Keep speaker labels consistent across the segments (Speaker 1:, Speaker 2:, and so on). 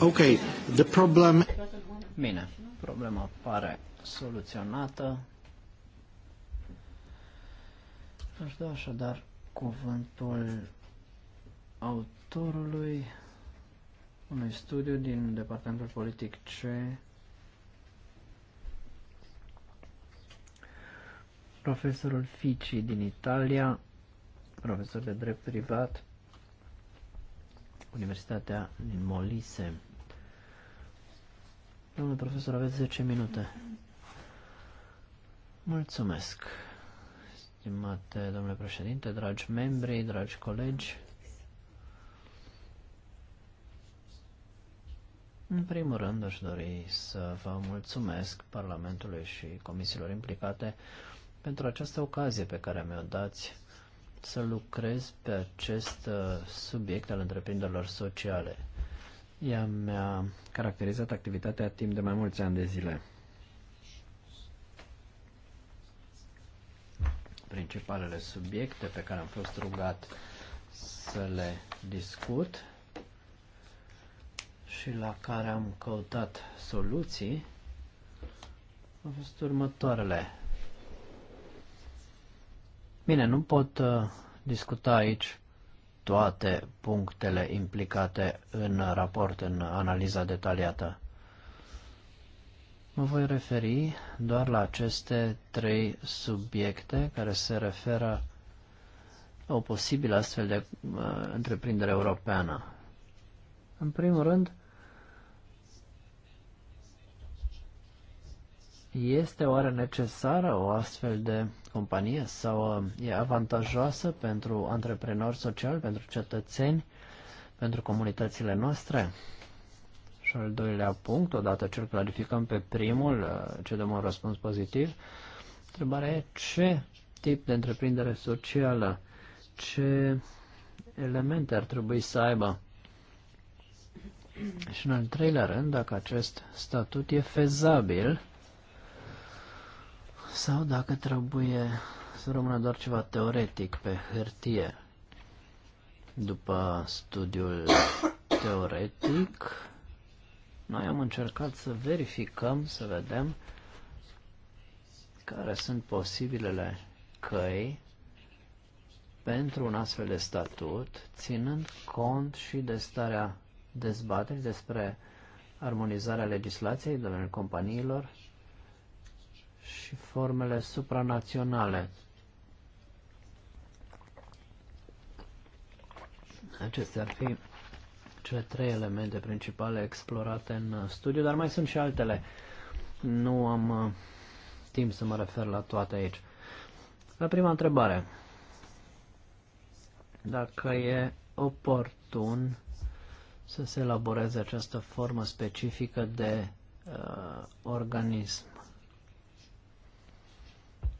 Speaker 1: Ok, the problem... Bine, problema pare soluționată. Aș da așadar cuvântul autorului unui studiu din Departamentul Politic C profesorul Fici din Italia, profesor de drept privat, Universitatea din Molise. Domnule profesor, aveți 10 minute. Mulțumesc, stimate domnule președinte, dragi membri, dragi colegi. În primul rând aș dori să vă mulțumesc Parlamentului și comisiilor implicate pentru această ocazie pe care mi-o dați să lucrez pe acest uh, subiect al întreprinderilor sociale. Ea mi-a caracterizat activitatea timp de mai mulți ani de zile. Principalele subiecte pe care am fost rugat să le discut și la care am căutat soluții au fost următoarele. Bine, nu pot uh, discuta aici toate punctele implicate în raport, în analiza detaliată. Mă voi referi doar la aceste trei subiecte care se referă la o posibilă astfel de uh, întreprindere europeană. În primul rând, Este oare necesară o astfel de companie sau uh, e avantajoasă pentru antreprenori sociali, pentru cetățeni, pentru comunitățile noastre? Și al doilea punct, odată ce îl clarificăm pe primul, uh, ce dăm un răspuns pozitiv, întrebarea e ce tip de întreprindere socială, ce elemente ar trebui să aibă? Și în al treilea rând, dacă acest statut e fezabil, sau dacă trebuie să rămână doar ceva teoretic pe hârtie. După studiul teoretic, noi am încercat să verificăm, să vedem care sunt posibilele căi pentru un astfel de statut, ținând cont și de starea dezbaterii despre armonizarea legislației în domeniul companiilor și formele supranaționale. Acestea ar fi cele trei elemente principale explorate în studiu, dar mai sunt și altele. Nu am uh, timp să mă refer la toate aici. La prima întrebare. Dacă e oportun să se elaboreze această formă specifică de uh, organism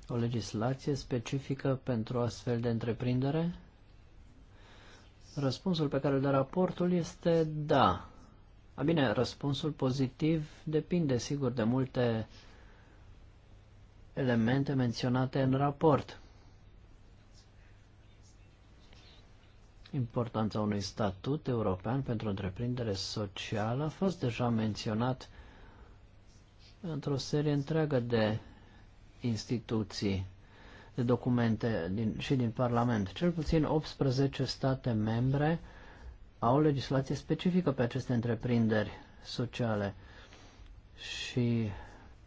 Speaker 1: o legislație specifică pentru astfel de întreprindere? Răspunsul pe care îl dă raportul este da. A bine, răspunsul pozitiv depinde, sigur, de multe elemente menționate în raport. Importanța unui statut european pentru întreprindere socială a fost deja menționat într-o serie întreagă de instituții, de documente din, și din Parlament. Cel puțin 18 state membre au legislație specifică pe aceste întreprinderi sociale și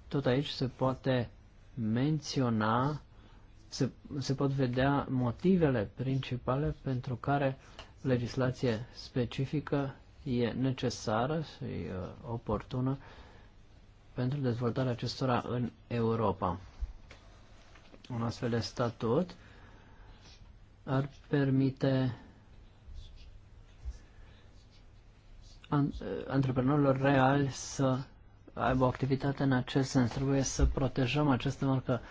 Speaker 1: tot aici se poate menționa, se, se pot vedea motivele principale pentru care legislație specifică e necesară și uh, oportună pentru dezvoltarea acestora în Europa un astfel de statut ar permite antreprenorilor reali să aibă o activitate în acest sens. Trebuie să protejăm această marcă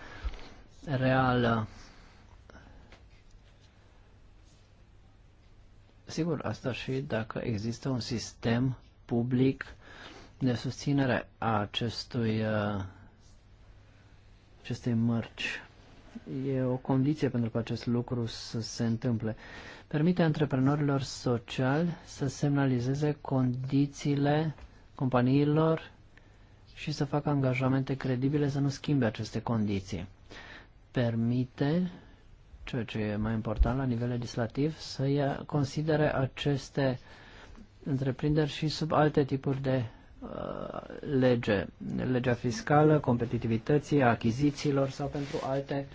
Speaker 1: reală. Sigur, asta și dacă există un sistem public de susținere a acestui, uh, acestei mărci e o condiție pentru că acest lucru să se întâmple. Permite antreprenorilor sociali să semnalizeze condițiile companiilor și să facă angajamente credibile să nu schimbe aceste condiții. Permite, ceea ce e mai important la nivel legislativ, să ia, considere aceste întreprinderi și sub alte tipuri de Uh, lege, legea fiscală, competitivității, achizițiilor sau pentru alte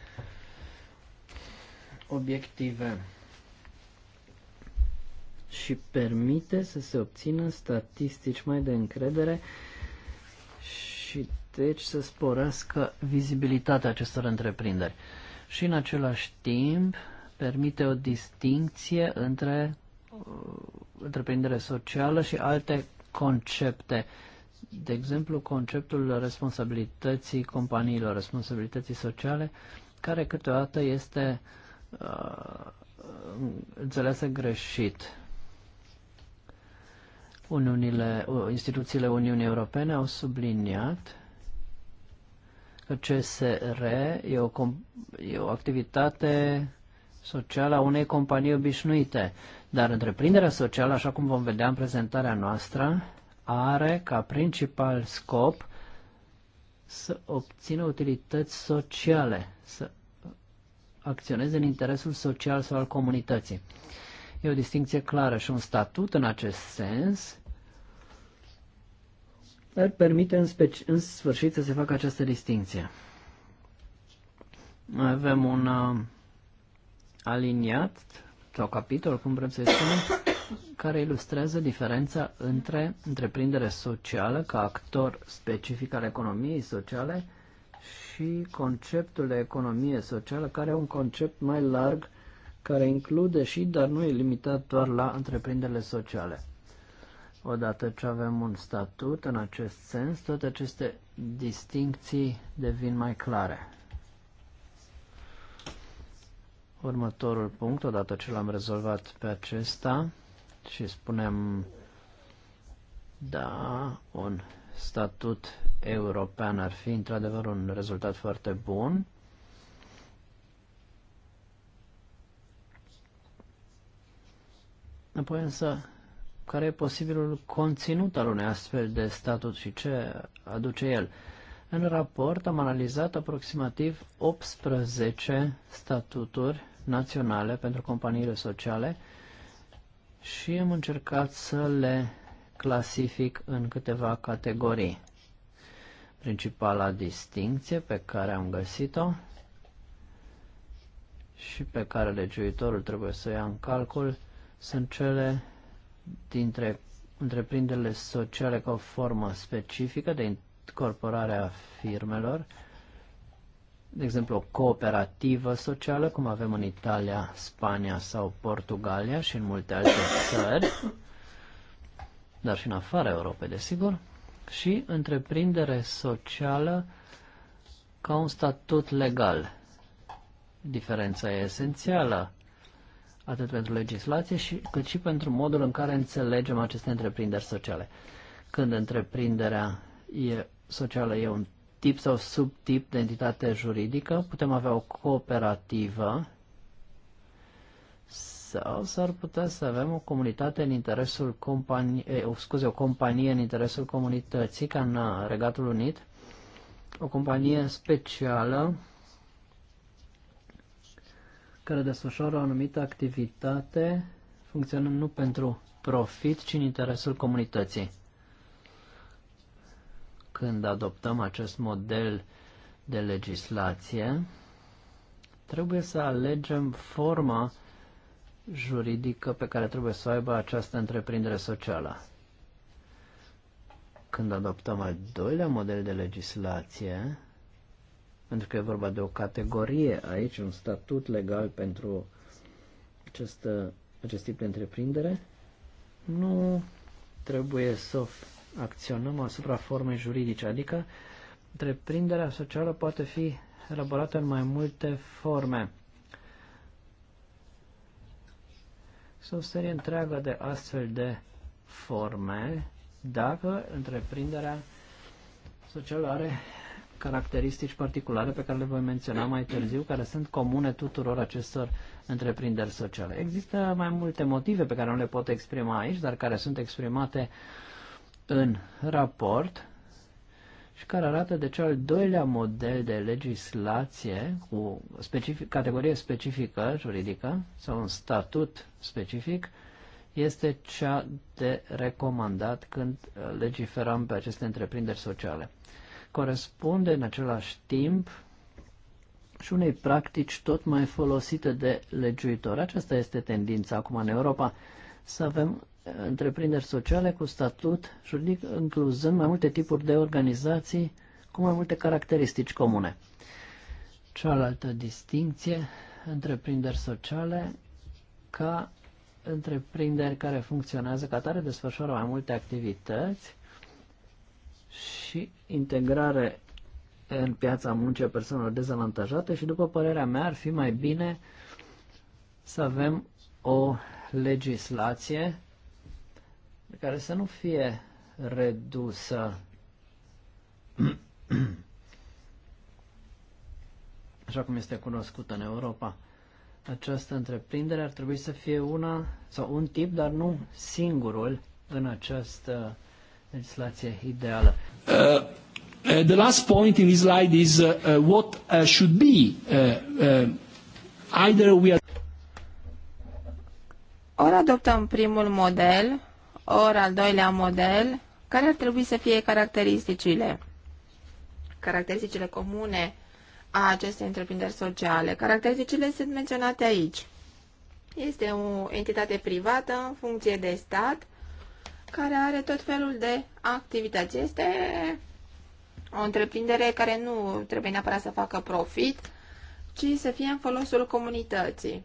Speaker 1: obiective și permite să se obțină statistici mai de încredere și deci să sporească vizibilitatea acestor întreprinderi. Și în același timp permite o distincție între uh, întreprindere socială și alte concepte. De exemplu, conceptul responsabilității companiilor, responsabilității sociale, care câteodată este uh, înțeleasă greșit. Uniunile, instituțiile Uniunii Europene au subliniat că CSR e o, e o activitate socială a unei companii obișnuite. Dar întreprinderea socială, așa cum vom vedea în prezentarea noastră, are ca principal scop să obțină utilități sociale, să acționeze în interesul social sau al comunității. E o distinție clară și un statut în acest sens dar permite în, speci- în sfârșit să se facă această distinție. Noi avem un uh, aliniat sau capitol, cum vrem să-i spunem, care ilustrează diferența între întreprindere socială ca actor specific al economiei sociale și conceptul de economie socială, care e un concept mai larg care include și, dar nu e limitat doar la întreprinderile sociale. Odată ce avem un statut în acest sens, toate aceste distincții devin mai clare. Următorul punct, odată ce l-am rezolvat pe acesta și spunem da, un statut european ar fi într-adevăr un rezultat foarte bun. Apoi însă, care e posibilul conținut al unei astfel de statut și ce aduce el? În raport am analizat aproximativ 18 statuturi naționale pentru companiile sociale și am încercat să le clasific în câteva categorii. Principala distinție pe care am găsit-o și pe care legiuitorul trebuie să o ia în calcul sunt cele dintre întreprinderile sociale ca o formă specifică de incorporare a firmelor de exemplu, o cooperativă socială, cum avem în Italia, Spania sau Portugalia și în multe alte țări, dar și în afara Europei, desigur, și întreprindere socială ca un statut legal. Diferența e esențială atât pentru legislație și, cât și pentru modul în care înțelegem aceste întreprinderi sociale. Când întreprinderea e socială e un tip sau subtip de entitate juridică, putem avea o cooperativă sau s-ar putea să avem o comunitate în interesul companiei, o, scuze, o companie în interesul comunității, ca în uh, Regatul Unit, o companie specială care desfășoară o anumită activitate funcționând nu pentru profit, ci în interesul comunității când adoptăm acest model de legislație, trebuie să alegem forma juridică pe care trebuie să o aibă această întreprindere socială. Când adoptăm al doilea model de legislație, pentru că e vorba de o categorie aici, un statut legal pentru acest, acest tip de întreprindere, nu trebuie să acționăm asupra formei juridice, adică întreprinderea socială poate fi elaborată în mai multe forme. Sunt o serie întreagă de astfel de forme dacă întreprinderea socială are caracteristici particulare pe care le voi menționa mai târziu, care sunt comune tuturor acestor întreprinderi sociale. Există mai multe motive pe care nu le pot exprima aici, dar care sunt exprimate uh, în raport și care arată de cel doilea model de legislație cu specific, categorie specifică juridică sau un statut specific este cea de recomandat când uh, legiferăm pe aceste întreprinderi sociale. Corespunde în același timp și unei practici tot mai folosite de legiuitori. Aceasta este tendința acum în Europa, să avem întreprinderi sociale cu statut juridic, incluzând mai multe tipuri de organizații cu mai multe caracteristici comune. Cealaltă distinție, întreprinderi sociale ca întreprinderi care funcționează ca tare, desfășoară mai multe activități și integrare în piața muncii a persoanelor dezavantajate și, după părerea mea, ar fi mai bine să avem o legislație care să nu fie redusă. Așa cum este cunoscută în Europa. Această întreprindere ar trebui să fie una sau un tip, dar nu singurul în această legislație ideală. Uh. Uh, the last point in this slide is uh, uh, what uh, should be uh, uh, either we are
Speaker 2: ori adoptăm primul model ori al doilea model, care ar trebui să fie caracteristicile? Caracteristicile comune a acestei întreprinderi sociale. Caracteristicile sunt menționate aici. Este o entitate privată în funcție de stat care are tot felul de activități. Este o întreprindere care nu trebuie neapărat să facă profit, ci să fie în folosul comunității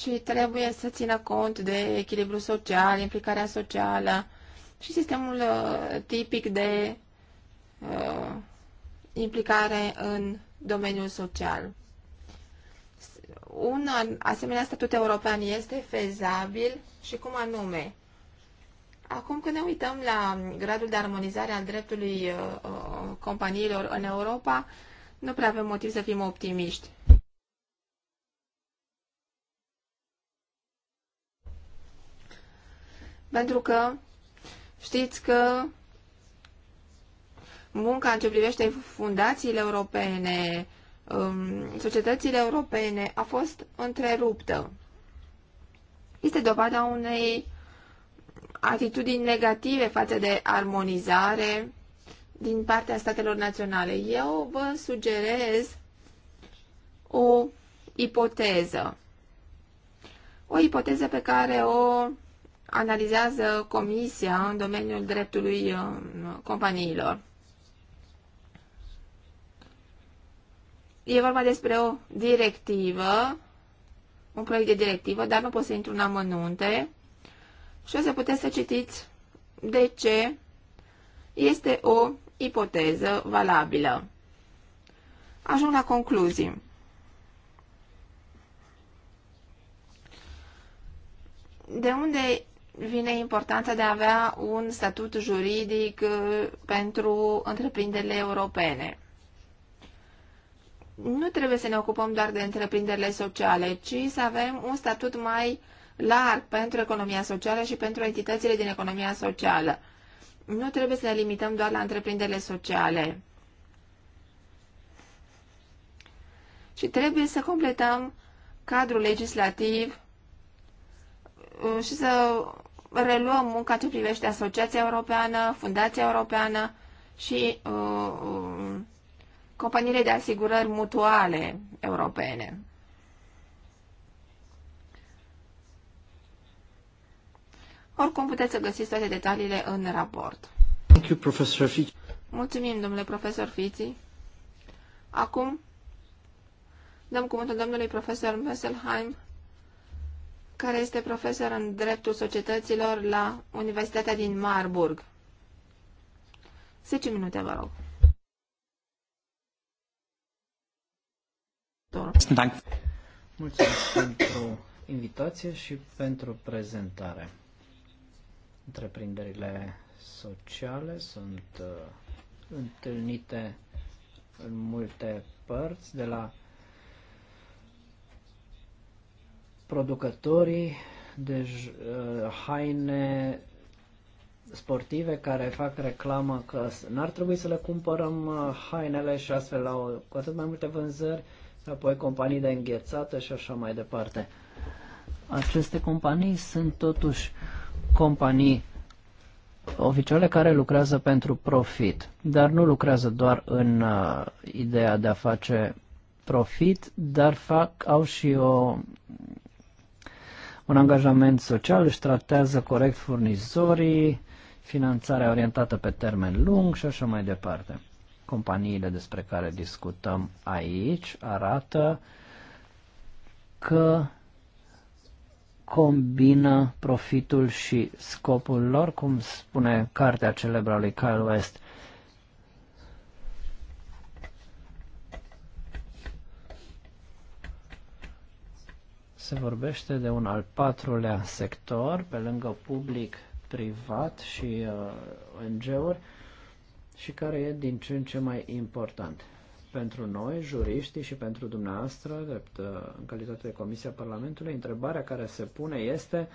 Speaker 2: și trebuie să țină cont de echilibru social, implicarea socială și sistemul uh, tipic de uh, implicare în domeniul social. Un asemenea statut european este fezabil și cum anume? Acum când ne uităm la gradul de armonizare al dreptului uh, uh companiilor în Europa, nu prea avem motiv să fim optimiști. pentru că știți că munca în ce privește fundațiile europene, um, societățile europene, a fost întreruptă. Este dovada unei atitudini negative față de armonizare din partea statelor naționale. Eu vă sugerez o ipoteză. O ipoteză pe care o analizează Comisia în domeniul dreptului uh, companiilor. E vorba despre o directivă, un proiect de directivă, dar nu pot să intru în amănunte și o să puteți să citiți de ce este o ipoteză valabilă. Ajung la concluzii. De unde vine importanța de a avea un statut juridic uh, pentru întreprinderile europene. Nu trebuie să ne ocupăm doar de întreprinderile sociale, ci să avem un statut mai larg pentru economia socială și pentru entitățile din economia socială. Nu trebuie să ne limităm doar la întreprinderile sociale. Și trebuie să completăm cadrul legislativ uh, și să reluăm munca ce privește Asociația Europeană, Fundația Europeană și uh, um, companiile de asigurări mutuale europene. Oricum puteți să găsiți toate detaliile în raport.
Speaker 1: Thank you, Professor Fici.
Speaker 2: Mulțumim, domnule profesor Fiți. Acum dăm cuvântul domnului profesor Messelheim care este profesor în dreptul societăților la Universitatea din Marburg. 10 minute, vă rog.
Speaker 1: Mulțumesc pentru invitație și pentru prezentare. Întreprinderile sociale sunt uh, întâlnite în multe părți, de la producătorii de uh, haine sportive care fac reclamă că n-ar trebui să le cumpărăm uh, hainele și astfel au cu atât mai multe vânzări, apoi companii de înghețată și așa mai departe. Aceste companii sunt totuși companii oficiale care lucrează pentru profit, dar nu lucrează doar în uh, ideea de a face profit, dar fac, au și o un angajament social, își tratează corect furnizorii, finanțarea orientată pe termen lung și așa mai departe. Companiile despre care discutăm aici arată că combină profitul și scopul lor, cum spune cartea celebră lui Kyle West, se vorbește de un al patrulea sector, pe lângă public, privat și uh, ONG-uri, și care e din ce în ce mai important. Pentru noi, juriștii și pentru dumneavoastră, drept, uh, în calitate de Comisia Parlamentului, întrebarea care se pune este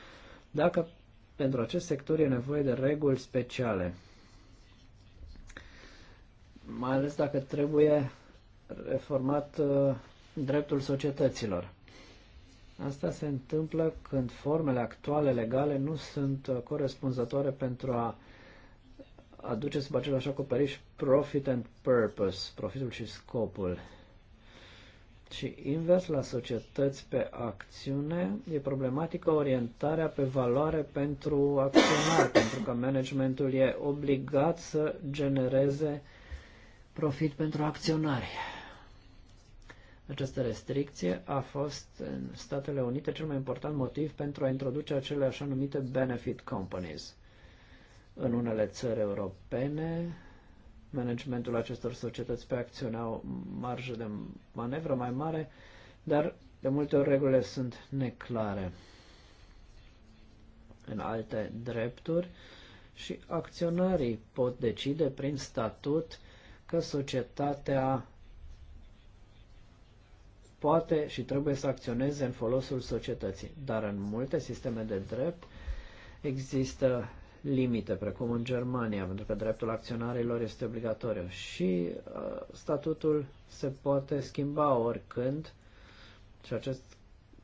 Speaker 1: dacă pentru acest sector e nevoie de reguli speciale. Mai ales dacă trebuie reformat uh, dreptul societăților. Asta se întâmplă când formele actuale legale nu sunt uh, corespunzătoare pentru a aduce sub același acoperiș profit and purpose, profitul și scopul. Și invers la societăți pe acțiune, e problematică orientarea pe valoare pentru acționar, pentru că managementul e obligat să genereze profit pentru acționari. Această restricție a fost în Statele Unite cel mai important motiv pentru a introduce acele așa numite benefit companies. În unele țări europene, managementul acestor societăți pe acțiune au marjă de manevră mai mare, dar de multe ori regulile sunt neclare în alte drepturi și acționarii pot decide prin statut că societatea poate și trebuie să acționeze în folosul societății. Dar în multe sisteme de drept există limite, precum în Germania, pentru că dreptul acționarilor este obligatoriu și uh, statutul se poate schimba oricând și acest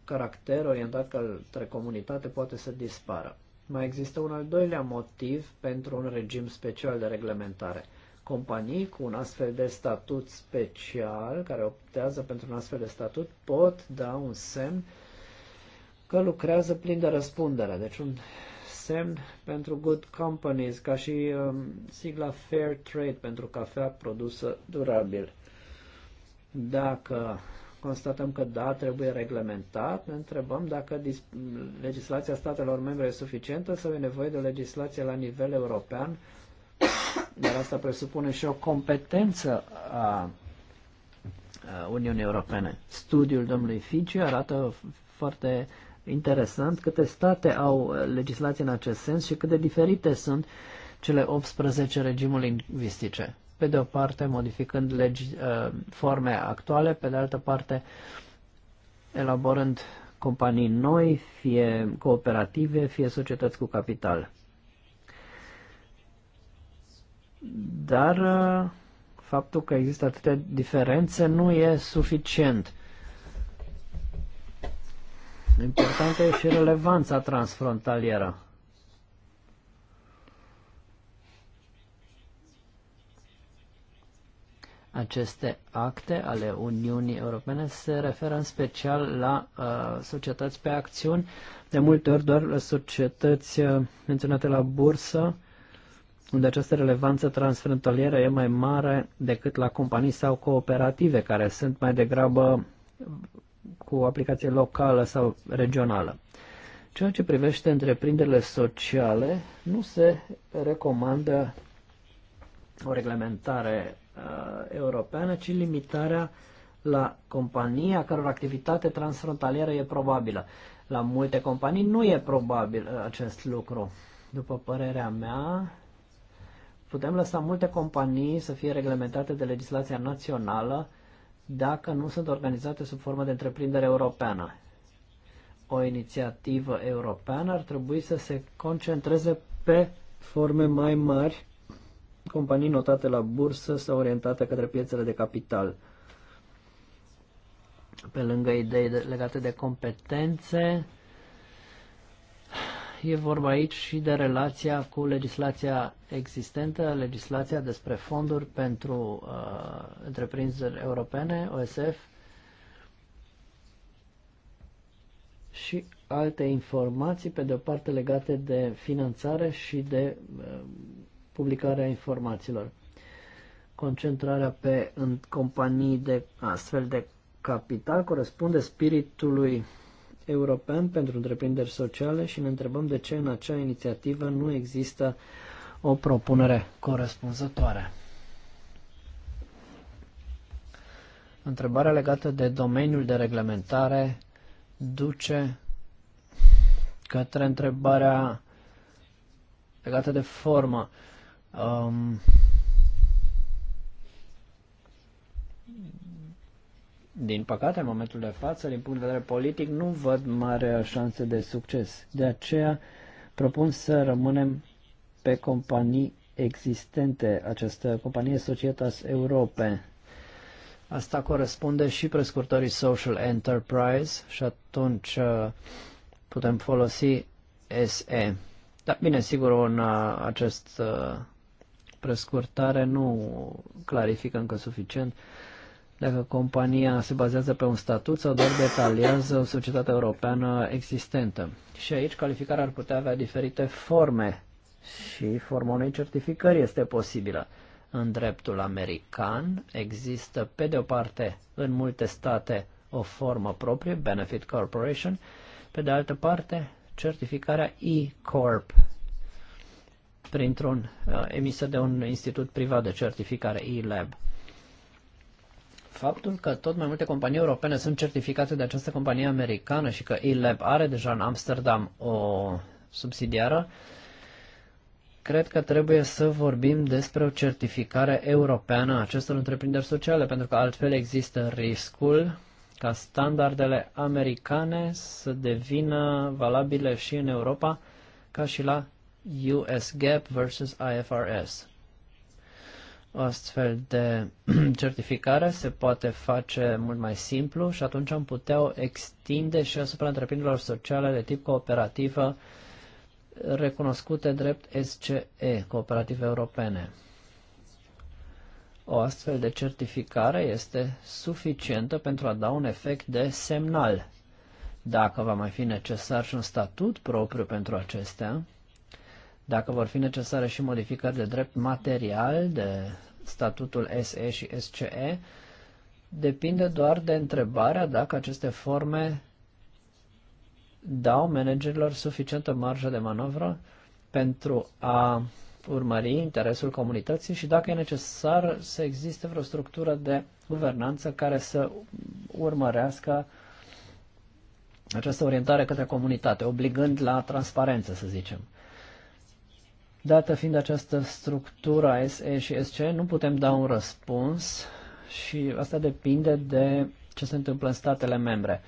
Speaker 1: caracter orientat către comunitate poate să dispară. Mai există un al doilea motiv pentru un regim special de reglementare – companii cu un astfel de statut special, care optează pentru un astfel de statut, pot da un semn că lucrează plin de răspundere. Deci un semn pentru good companies, ca și um, sigla Fair Trade pentru cafea produsă durabil. Dacă constatăm că da, trebuie reglementat, ne întrebăm dacă legislația statelor membre e suficientă sau e nevoie de legislație la nivel european dar asta presupune și o competență a Uniunii Europene. Studiul domnului Fici arată foarte interesant câte state au legislație în acest sens și cât de diferite sunt cele 18 regimuri lingvistice. Pe de o parte modificând legi, forme actuale, pe de altă parte elaborând companii noi, fie cooperative, fie societăți cu capital. Dar uh, faptul că există atâtea diferențe nu e suficient. Importantă e și relevanța transfrontalieră. Aceste acte ale Uniunii Europene se referă în special la uh, societăți pe acțiuni, de multe ori doar societăți uh, menționate la bursă, unde această relevanță transfrontalieră e mai mare decât la companii sau cooperative, care sunt mai degrabă cu aplicație locală sau regională. Ceea ce privește întreprinderile sociale, nu se recomandă o reglementare uh, europeană, ci limitarea la compania căror activitate transfrontalieră e probabilă. La multe companii nu e probabil uh, acest lucru. După părerea mea, putem lăsa multe companii să fie reglementate de legislația națională dacă nu sunt organizate sub formă de întreprindere europeană. O inițiativă europeană ar trebui să se concentreze pe forme mai mari, companii notate la bursă sau orientate către piețele de capital. Pe lângă idei legate de competențe, e vorba aici și de relația cu legislația existentă, legislația despre fonduri pentru uh, întreprinderi europene, OSF, și alte informații, pe de o parte legate de finanțare și de uh, publicarea informațiilor. Concentrarea pe în companii de astfel de capital corespunde spiritului european pentru întreprinderi sociale și ne întrebăm de ce în acea inițiativă nu există o propunere corespunzătoare. Întrebarea legată de domeniul de reglementare duce către întrebarea legată de formă. Um, din păcate, în momentul de față, din punct de vedere politic, nu văd mare șanse de succes. De aceea propun să rămânem pe companii existente, această companie Societas Europe. Asta corespunde și prescurtării Social Enterprise și atunci uh, putem folosi SE. Dar bine, sigur, în uh, acest uh, prescurtare nu clarifică încă suficient dacă compania se bazează pe un statut sau doar detaliază o societate europeană existentă. Și aici calificarea ar putea avea diferite forme și forma unei certificări este posibilă. În dreptul american există, pe de o parte, în multe state o formă proprie, Benefit Corporation, pe de altă parte, certificarea E-Corp, printr-un uh, emisă de un institut privat de certificare, E-Lab faptul că tot mai multe companii europene sunt certificate de această companie americană și că e are deja în Amsterdam o subsidiară, cred că trebuie să vorbim despre o certificare europeană a acestor întreprinderi sociale, pentru că altfel există riscul ca standardele americane să devină valabile și în Europa, ca și la US GAAP versus IFRS. O astfel de certificare se poate face mult mai simplu și atunci am putea extinde și asupra întreprinderilor sociale de tip cooperativă recunoscute drept SCE, cooperative europene. O astfel de certificare este suficientă pentru a da un efect de semnal. Dacă va mai fi necesar și un statut propriu pentru acestea, dacă vor fi necesare și modificări de drept material, de statutul SE și SCE depinde doar de întrebarea dacă aceste forme dau managerilor suficientă marjă de manovră pentru a urmări interesul comunității și dacă e necesar să existe vreo structură de guvernanță care să urmărească această orientare către comunitate, obligând la transparență, să zicem. Dată fiind această structură SE și SC, nu putem da un răspuns și asta depinde de ce se întâmplă în statele membre.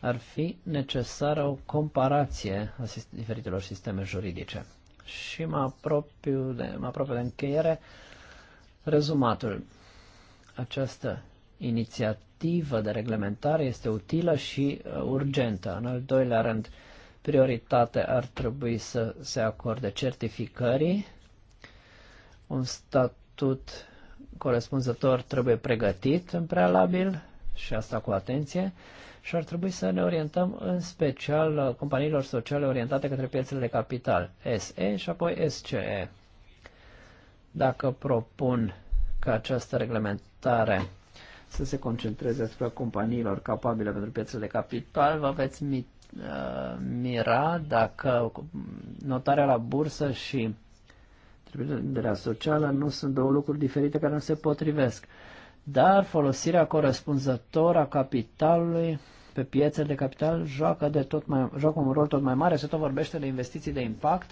Speaker 1: Ar fi necesară o comparație a diferitelor sisteme juridice. Și mă apropiu de, mă apropiu de încheiere rezumatul. Această inițiativă de reglementare este utilă și uh, urgentă. În al doilea rând, prioritate ar trebui să se acorde certificării. Un statut corespunzător trebuie pregătit în prealabil și asta cu atenție și ar trebui să ne orientăm în special companiilor sociale orientate către piețele de capital, SE și apoi SCE. Dacă propun ca această reglementare să se concentreze asupra companiilor capabile pentru piețele de capital, vă veți Uh, mira dacă notarea la bursă și întreprinderea socială nu sunt două lucruri diferite care nu se potrivesc. Dar folosirea corespunzător a capitalului pe piețele de capital joacă, de tot mai, joacă un rol tot mai mare. Se tot vorbește de investiții de impact.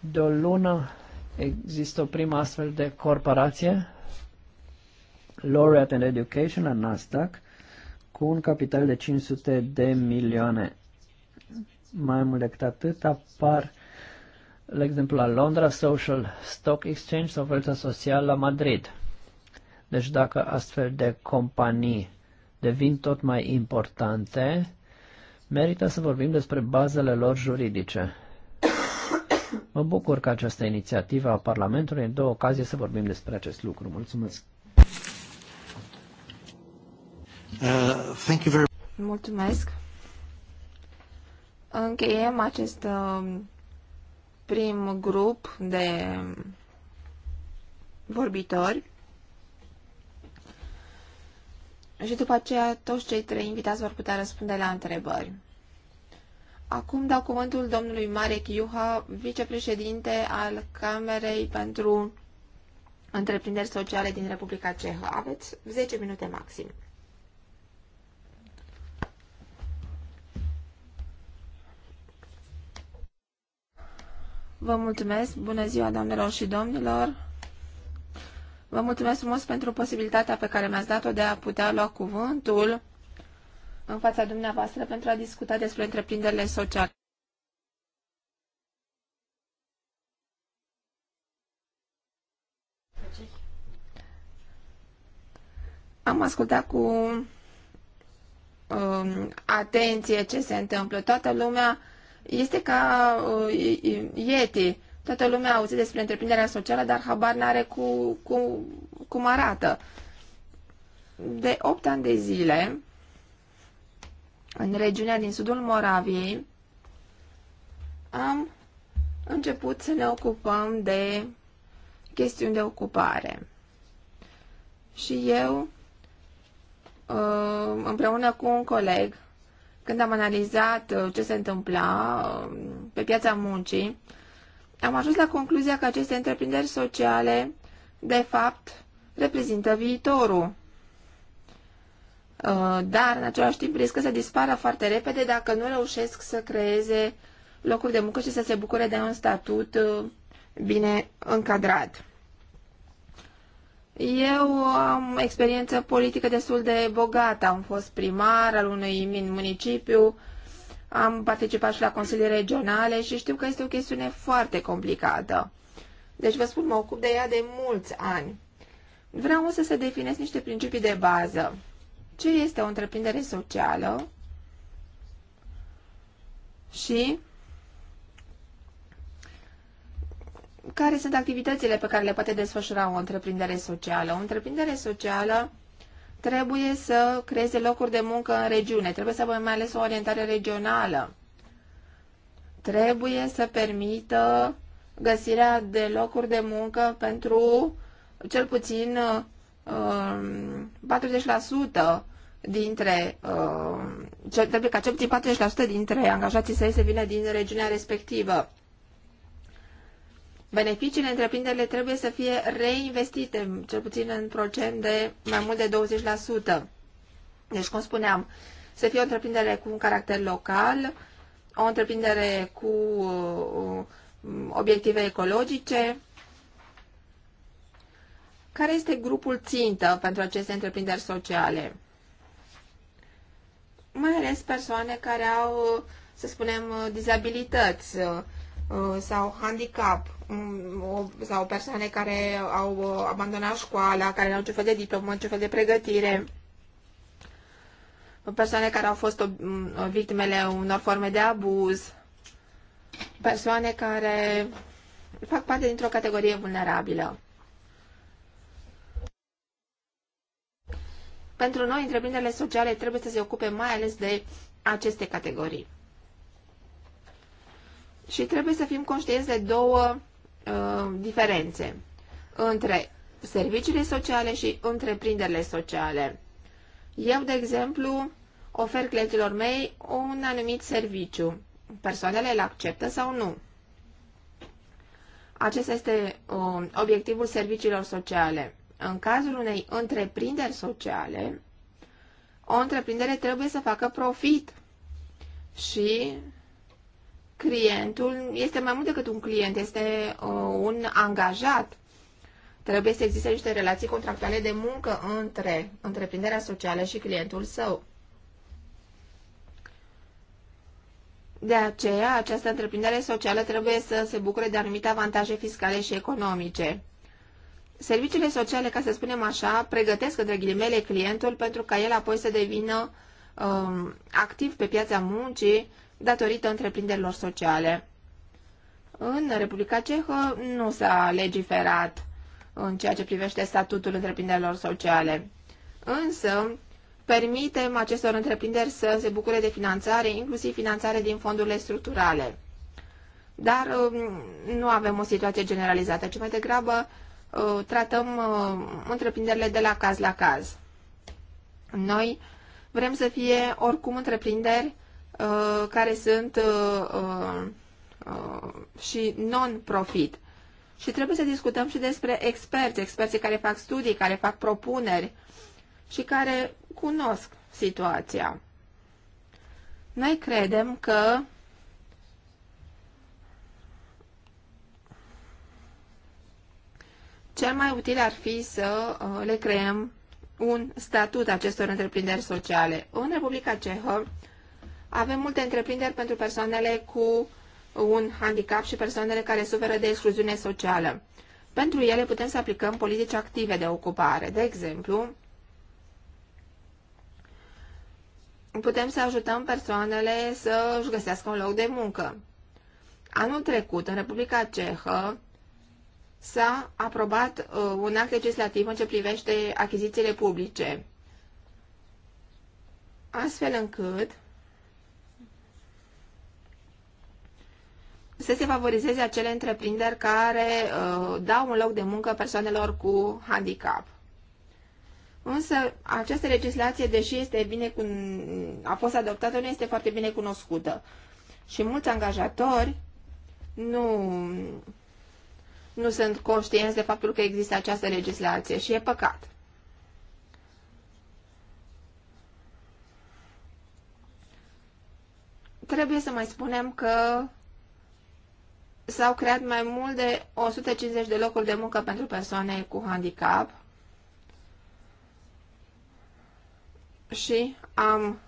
Speaker 1: De o lună există o primă astfel de corporație, Laureate and Education la Nasdaq, cu un capital de 500 de milioane. Mai mult decât atât, apar, la exemplu, la Londra, Social Stock Exchange sau Vărța Social la Madrid. Deci dacă astfel de companii devin tot mai importante, merită să vorbim despre bazele lor juridice. Mă bucur că această inițiativă a Parlamentului în două ocazie să vorbim despre acest lucru. Mulțumesc! Uh, thank you very Mulțumesc.
Speaker 2: Încheiem acest uh, prim grup de vorbitori. Și după aceea, toți cei trei invitați vor putea răspunde la întrebări. Acum dau cuvântul domnului Marek Iuha, vicepreședinte al Camerei pentru Întreprinderi Sociale din Republica Cehă. Aveți 10 minute maxim. Vă mulțumesc. Bună ziua, doamnelor și domnilor. Vă mulțumesc frumos pentru posibilitatea pe care mi-ați dat-o de a putea lua cuvântul în fața dumneavoastră pentru a discuta despre întreprinderile sociale. Am ascultat cu um, atenție ce se întâmplă. Toată lumea este ca uh, Yeti. Toată lumea auzit despre întreprinderea socială, dar habar n-are cu, cu, cum arată. De 8 ani de zile, în regiunea din sudul Moraviei, am început să ne ocupăm de chestiuni de ocupare. Și eu, uh, împreună cu un coleg, când am analizat uh, ce se întâmpla uh, pe piața muncii, am ajuns la concluzia că aceste întreprinderi sociale, de fapt, reprezintă viitorul. Uh, dar, în același timp, riscă să dispară foarte repede dacă nu reușesc să creeze locuri de muncă și să se bucure de un statut bine încadrat. Eu am experiență politică destul de bogată. Am fost primar al unui municipiu, am participat și la consilii regionale și știu că este o chestiune foarte complicată. Deci, vă spun, mă ocup de ea de mulți ani. Vreau să se definesc niște principii de bază. Ce este o întreprindere socială? Și care sunt activitățile pe care le poate desfășura o întreprindere socială. O întreprindere socială trebuie să creeze locuri de muncă în regiune, trebuie să avem mai ales o orientare regională, trebuie să permită găsirea de locuri de muncă pentru cel puțin uh, um, 40% dintre, uh, trebuie ca cel puțin 40% dintre angajații săi să vină din regiunea respectivă. Beneficiile întreprinderile trebuie să fie reinvestite, cel puțin în procent de mai mult de 20%. Deci, cum spuneam, să fie o întreprindere cu un caracter local, o întreprindere cu uh, obiective ecologice. Care este grupul țintă pentru aceste întreprinderi sociale? Mai ales persoane care au, să spunem, dizabilități uh, sau handicap sau persoane care au abandonat școala, care nu au ce fel de diplomă, ce fel de pregătire, persoane care au fost victimele unor forme de abuz, persoane care fac parte dintr-o categorie vulnerabilă. Pentru noi, întreprinderile sociale trebuie să se ocupe mai ales de aceste categorii. Și trebuie să fim conștienți de două uh, diferențe între serviciile sociale și întreprinderile sociale. Eu, de exemplu, ofer clienților mei un anumit serviciu. Persoanele îl acceptă sau nu? Acesta este uh, obiectivul serviciilor sociale. În cazul unei întreprinderi sociale, o întreprindere trebuie să facă profit și clientul este mai mult decât un client, este uh, un angajat. Trebuie să existe niște relații contractuale de muncă între întreprinderea socială și clientul său. De aceea, această întreprindere socială trebuie să se bucure de anumite avantaje fiscale și economice. Serviciile sociale, ca să spunem așa, pregătesc între ghilimele clientul pentru ca el apoi să devină um, activ pe piața muncii datorită întreprinderilor sociale. În Republica Cehă nu s-a legiferat în ceea ce privește statutul întreprinderilor sociale, însă permitem acestor întreprinderi să se bucure de finanțare, inclusiv finanțare din fondurile structurale. Dar um, nu avem o situație generalizată, ci mai degrabă uh, tratăm uh, întreprinderile de la caz la caz. Noi vrem să fie oricum întreprinderi Uh, care sunt uh, uh, și non-profit. Și trebuie să discutăm și despre experți, experții care fac studii, care fac propuneri și care cunosc situația. Noi credem că cel mai util ar fi să uh, le creăm un statut acestor întreprinderi sociale. În Republica Cehă avem multe întreprinderi pentru persoanele cu un handicap și persoanele care suferă de excluziune socială. Pentru ele putem să aplicăm politici active de ocupare. De exemplu, putem să ajutăm persoanele să își găsească un loc de muncă. Anul trecut, în Republica Cehă, s-a aprobat uh, un act legislativ în ce privește achizițiile publice, astfel încât să se favorizeze acele întreprinderi care uh, dau un loc de muncă persoanelor cu handicap. Însă, această legislație, deși este bine cu... a fost adoptată, nu este foarte bine cunoscută. Și mulți angajatori nu, nu sunt conștienți de faptul că există această legislație și e păcat. Trebuie să mai spunem că s-au creat mai mult de 150 de locuri de muncă pentru persoane cu handicap și am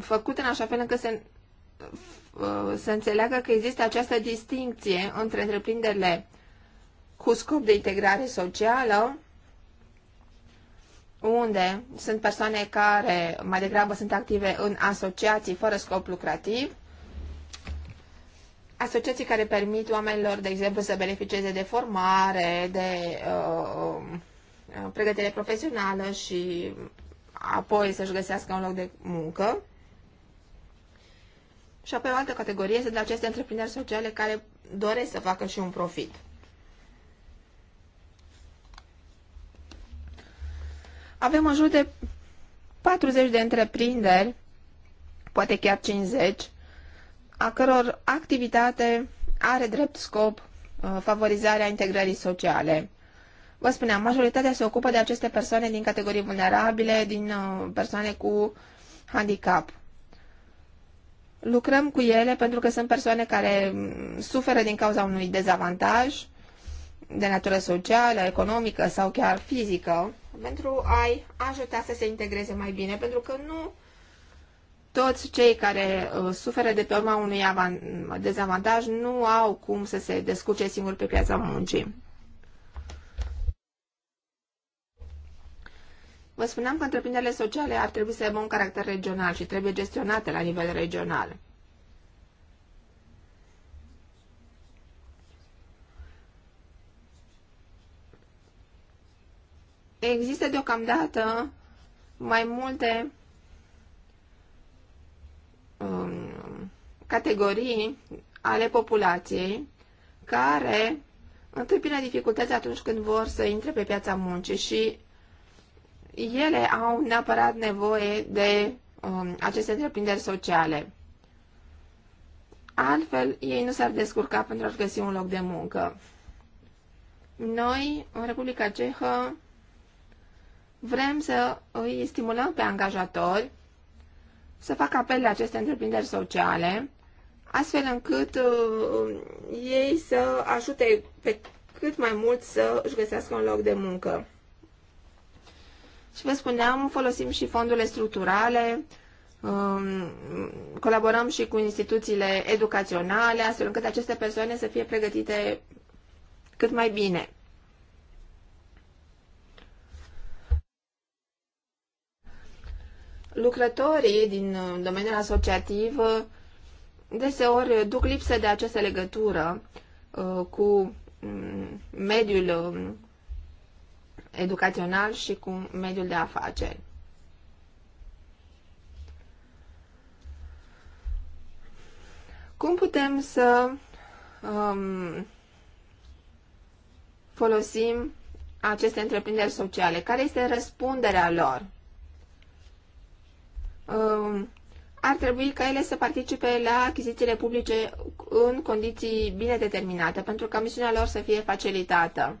Speaker 2: făcut în așa fel încât să, uh, să înțeleagă că există această distinție între întreprinderile cu scop de integrare socială, unde sunt persoane care mai degrabă sunt active în asociații fără scop lucrativ, asociații care permit oamenilor, de exemplu, să beneficieze de formare, de uh, um, pregătire profesională și apoi să-și găsească un loc de muncă. Și apoi o altă categorie sunt aceste întreprinderi sociale care doresc să facă și un profit. Avem în jur de 40 de întreprinderi, poate chiar 50, a căror activitate are drept scop uh, favorizarea integrării sociale. Vă spuneam, majoritatea se ocupă de aceste persoane din categorii vulnerabile, din uh, persoane cu handicap. Lucrăm cu ele pentru că sunt persoane care mm, suferă din cauza unui dezavantaj de natură socială, economică sau chiar fizică, pentru a-i ajuta să se integreze mai bine, pentru că nu toți cei care uh, suferă de pe urma unui dezavantaj nu au cum să se descurce singuri pe piața muncii. Vă spuneam că întreprinderile sociale ar trebui să aibă un caracter regional și trebuie gestionate la nivel regional. Există deocamdată mai multe Um, categorii ale populației care întâmpină dificultăți atunci când vor să intre pe piața muncii și ele au neapărat nevoie de um, aceste întreprinderi sociale. Altfel, ei nu s-ar descurca pentru a-și găsi un loc de muncă. Noi, în Republica Cehă, vrem să îi stimulăm pe angajatori să facă apel la aceste întreprinderi sociale, astfel încât uh, ei să ajute pe cât mai mult să își găsească un loc de muncă. Și vă spuneam, folosim și fondurile structurale, um, colaborăm și cu instituțiile educaționale, astfel încât aceste persoane să fie pregătite cât mai bine. lucrătorii din uh, domeniul asociativ uh, deseori duc lipsă de această legătură uh, cu mm, mediul um, educațional și cu mediul de afaceri. Cum putem să um, folosim aceste întreprinderi sociale? Care este răspunderea lor? Um, ar trebui ca ele să participe la achizițiile publice în condiții bine determinate, pentru ca misiunea lor să fie facilitată.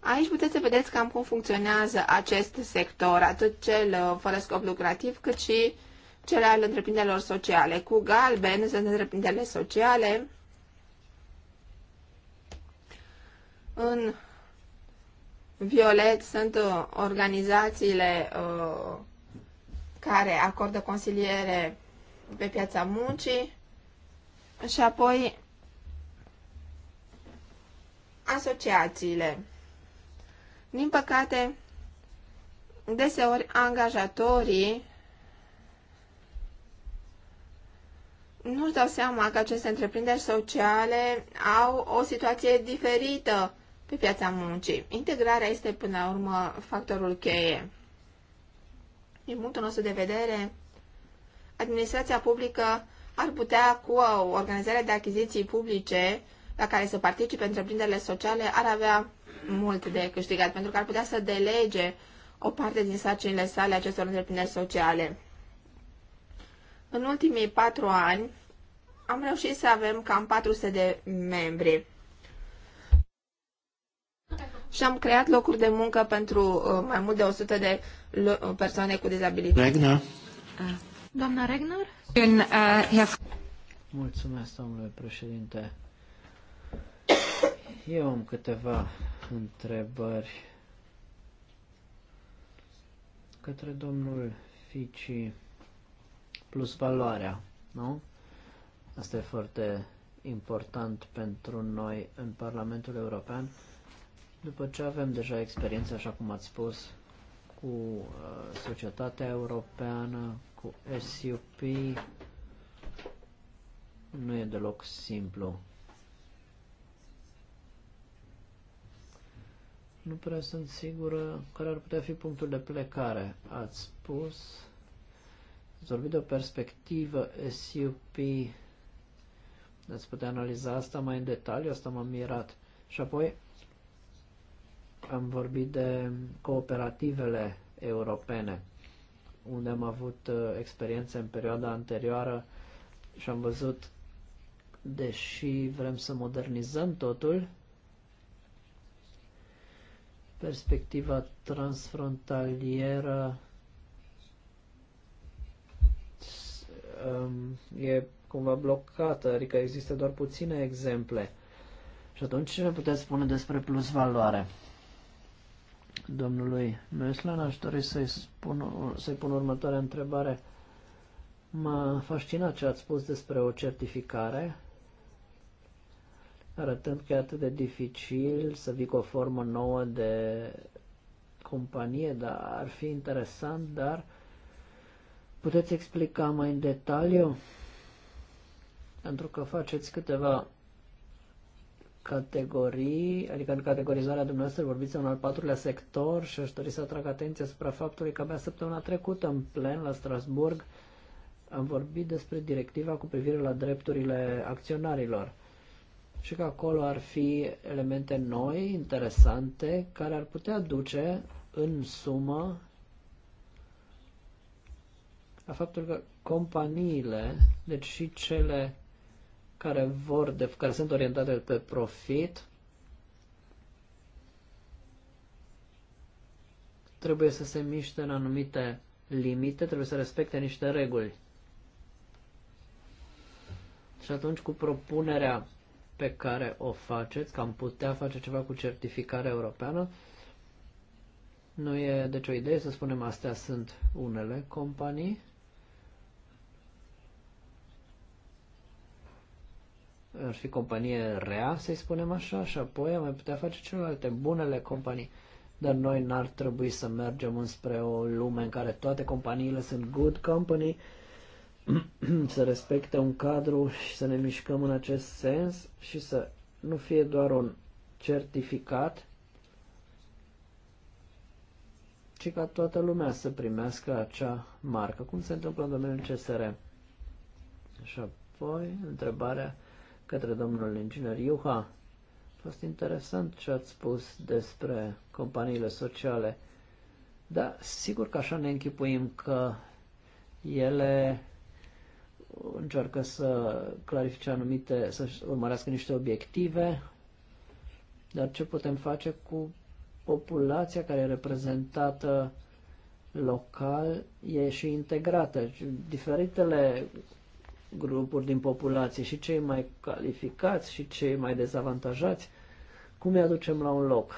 Speaker 2: Aici puteți să vedeți cam cum funcționează acest sector, atât cel uh, fără scop lucrativ, cât și cel al întreprinderilor sociale. Cu galben sunt întreprinderile sociale. În violet sunt uh, organizațiile uh, care acordă consiliere pe piața muncii și apoi asociațiile. Din păcate, deseori angajatorii nu-și dau seama că aceste întreprinderi sociale au o situație diferită pe piața muncii. Integrarea este, până la urmă, factorul cheie. Din punctul nostru de vedere, administrația publică ar putea, cu o organizare de achiziții publice la care să participe întreprinderile sociale, ar avea mult de câștigat, pentru că ar putea să delege o parte din sarcinile sale acestor întreprinderi sociale. În ultimii patru ani am reușit să avem cam 400 de membri și am creat locuri de muncă pentru uh, mai mult de 100 de persoane cu dizabilități. Regner. Ah. Doamna Regner? În, uh,
Speaker 1: Mulțumesc, domnule președinte. Eu am câteva întrebări către domnul Fici plus valoarea, nu? Asta e foarte important pentru noi în Parlamentul European. După ce avem deja experiență, așa cum ați spus, cu uh, societatea europeană, cu SUP, nu e deloc simplu. Nu prea sunt sigură care ar putea fi punctul de plecare. Ați spus, ați vorbit de o perspectivă SUP, ați putea analiza asta mai în detaliu, asta m-a mirat. Și apoi, am vorbit de cooperativele europene, unde am avut uh, experiențe în perioada anterioară și am văzut, deși vrem să modernizăm totul, perspectiva transfrontalieră um, e cumva blocată, adică există doar puține exemple. Și atunci ce ne puteți spune despre plus valoare? domnului Meslan, aș dori să-i, spun, să pun următoarea întrebare. M-a fascinat ce ați spus despre o certificare, arătând că e atât de dificil să vii cu o formă nouă de companie, dar ar fi interesant, dar puteți explica mai în detaliu? Pentru că faceți câteva categorii, adică în categorizarea dumneavoastră vorbiți în al patrulea sector și aș dori să atrag atenția asupra faptului că abia săptămâna trecută în plen la Strasburg am vorbit despre directiva cu privire la drepturile acționarilor și că acolo ar fi elemente noi, interesante, care ar putea duce în sumă la faptul că companiile, deci și cele care, vor de, care sunt orientate pe profit trebuie să se miște în anumite limite, trebuie să respecte niște reguli. Și atunci cu propunerea pe care o faceți, că am putea face ceva cu certificarea europeană, nu e deci o idee să spunem astea sunt unele companii, ar fi companie rea, să-i spunem așa, și apoi am mai putea face celelalte bunele companii. Dar noi n-ar trebui să mergem înspre o lume în care toate companiile sunt good company, să respecte un cadru și să ne mișcăm în acest sens și să nu fie doar un certificat, ci ca toată lumea să primească acea marcă, cum se întâmplă în domeniul CSR. Și apoi, întrebarea către domnul inginer Iuha. A fost interesant ce ați spus despre companiile sociale. Da, sigur că așa ne închipuim că ele încearcă să clarifice anumite, să urmărească niște obiective, dar ce putem face cu populația care e reprezentată local e și integrată. Diferitele grupuri din populație, și cei mai calificați și cei mai dezavantajați, cum îi aducem la un loc?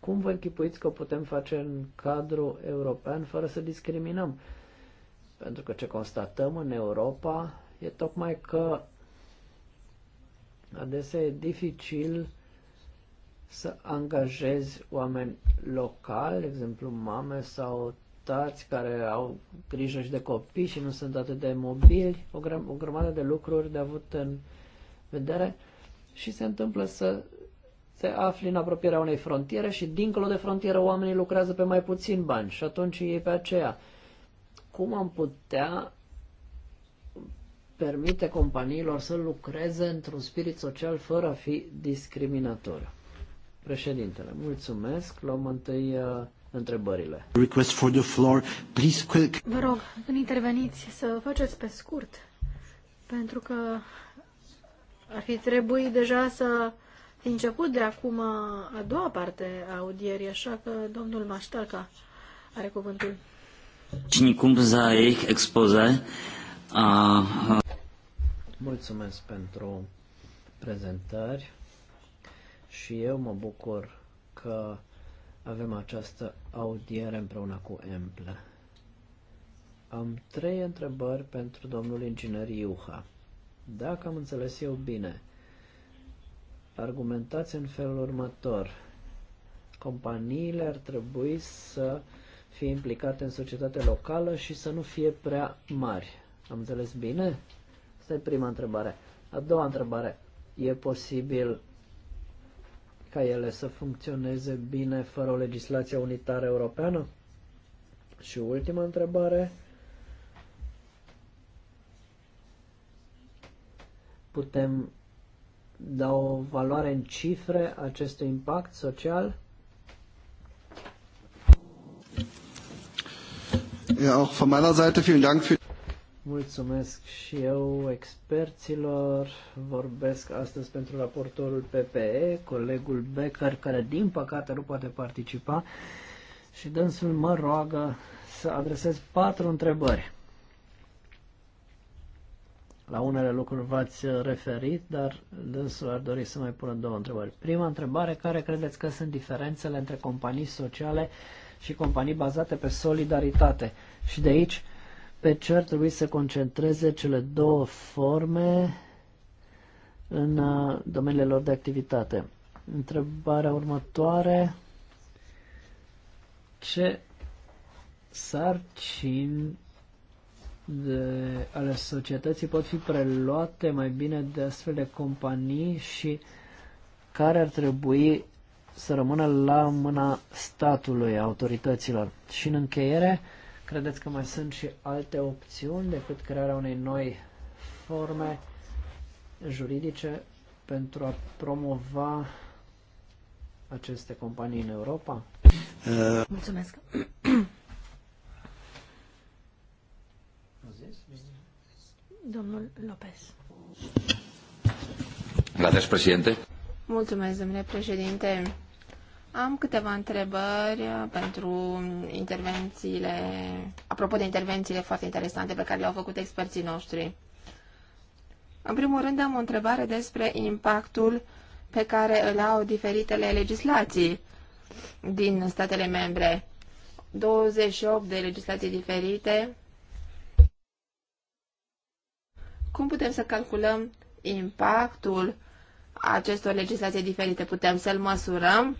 Speaker 1: Cum vă închipuiți că o putem face în cadrul european fără să discriminăm? Pentru că ce constatăm în Europa e tocmai că adesea e dificil să angajezi oameni locali, de exemplu mame sau adoptați, care au grijă și de copii și nu sunt atât de mobili, o, gră- o grămadă de lucruri de avut în vedere și se întâmplă să se afli în apropierea unei frontiere și dincolo de frontieră oamenii lucrează pe mai puțin bani și atunci ei pe aceea. Cum am putea permite companiilor să lucreze într-un spirit social fără a fi discriminator? Președintele, mulțumesc. Luăm întâi uh, întrebările. Request for the floor. Please quick.
Speaker 3: Vă rog, când interveniți, să faceți pe scurt, pentru că ar fi trebuit deja să fi început de acum a doua parte a audierii, așa că domnul Maștalca are
Speaker 1: cuvântul. cum să ei expoze. Mulțumesc pentru prezentări și eu mă bucur că avem această audiere împreună cu Emple. Am trei întrebări pentru domnul inginer Iuha. Dacă am înțeles eu bine, argumentați în felul următor. Companiile ar trebui să fie implicate în societatea locală și să nu fie prea mari. Am înțeles bine? Asta e prima întrebare. A doua întrebare. E posibil ca ele să funcționeze bine fără o legislație unitară europeană? Și ultima întrebare. Putem da o valoare în cifre acestui impact social?
Speaker 2: Ja, auch von meiner Seite vielen Dank für
Speaker 1: Mulțumesc și eu experților. Vorbesc astăzi pentru raportorul PPE, colegul Becker, care din păcate nu poate participa și dânsul mă roagă să adresez patru întrebări. La unele lucruri v-ați referit, dar dânsul ar dori să mai pună două întrebări. Prima întrebare, care credeți că sunt diferențele între companii sociale și companii bazate pe solidaritate? Și de aici, pe ce ar trebui să se concentreze cele două forme în uh, domeniile lor de activitate. Întrebarea următoare, ce sarcini de, ale societății pot fi preluate mai bine de astfel de companii și care ar trebui să rămână la mâna statului, autorităților. Și în încheiere, Credeți că mai sunt și alte opțiuni decât crearea unei noi forme juridice pentru a promova aceste companii în Europa?
Speaker 3: Mulțumesc.
Speaker 2: Domnul Lopez.
Speaker 3: Gracias, presidente.
Speaker 2: Mulțumesc, domnule președinte. Am câteva întrebări uh, pentru intervențiile, apropo de intervențiile foarte interesante pe care le-au făcut experții noștri. În primul rând am o întrebare despre impactul pe care îl au diferitele legislații din statele membre. 28 de legislații diferite. Cum putem să calculăm impactul acestor legislații diferite? Putem să-l măsurăm?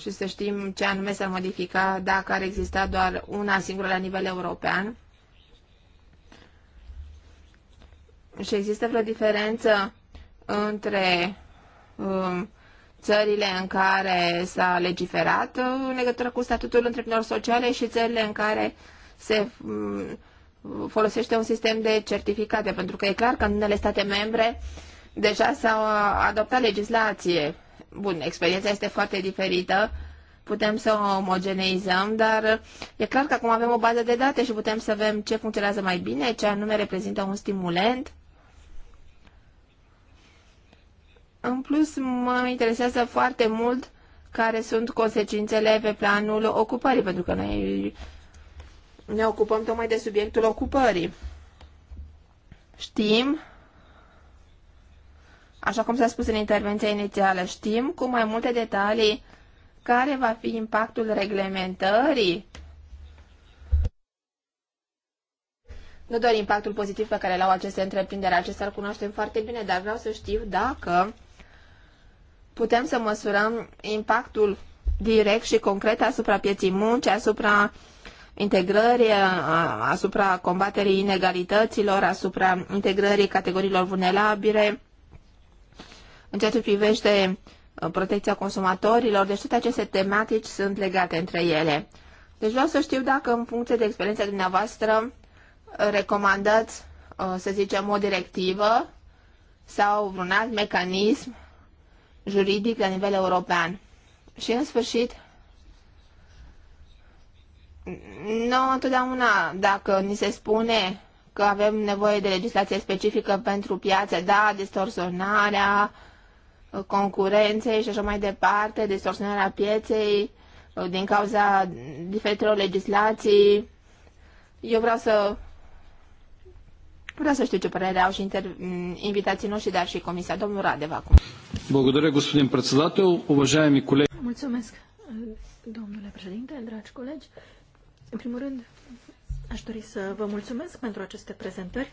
Speaker 2: și să știm ce anume s-ar modifica dacă ar exista doar una singură la nivel european. Și există vreo diferență între um, țările în care s-a legiferat uh, în legătură cu statutul întreprinor sociale și țările în care se um, folosește un sistem de certificate, pentru că e clar că în unele state membre deja s-au adoptat legislație Bun, experiența este foarte diferită, putem să o omogeneizăm, dar e clar că acum avem o bază de date și putem să vedem ce funcționează mai bine, ce anume reprezintă un stimulent. În plus, mă interesează foarte mult care sunt consecințele pe planul ocupării, pentru că noi ne ocupăm tocmai de subiectul ocupării. Știm așa cum s-a spus în intervenția inițială, știm cu mai multe detalii care va fi impactul reglementării nu doar impactul pozitiv pe care l-au aceste întreprinderi, acestea îl cunoaștem foarte bine, dar vreau să știu dacă putem să măsurăm impactul direct și concret asupra pieții muncii, asupra integrării, asupra combaterii inegalităților, asupra integrării categoriilor vulnerabile, în ceea ce privește uh, protecția consumatorilor, deci toate aceste tematici sunt legate între ele. Deci vreau să știu dacă în funcție de experiența dumneavoastră recomandați, uh, să zicem, o directivă sau un alt mecanism juridic la nivel european. Și în sfârșit, nu întotdeauna dacă ni se spune că avem nevoie de legislație specifică pentru piață, da, distorsionarea, uh, concurenței și așa mai departe, distorsionarea pieței uh, din cauza diferitelor legislații. Eu vreau să vreau să știu ce părere au și inter... Mm, invitații noștri, dar și comisia. Domnul Radev acum. Mulțumesc, domnule președinte, dragi
Speaker 3: colegi. În primul rând, aș dori să vă mulțumesc pentru aceste prezentări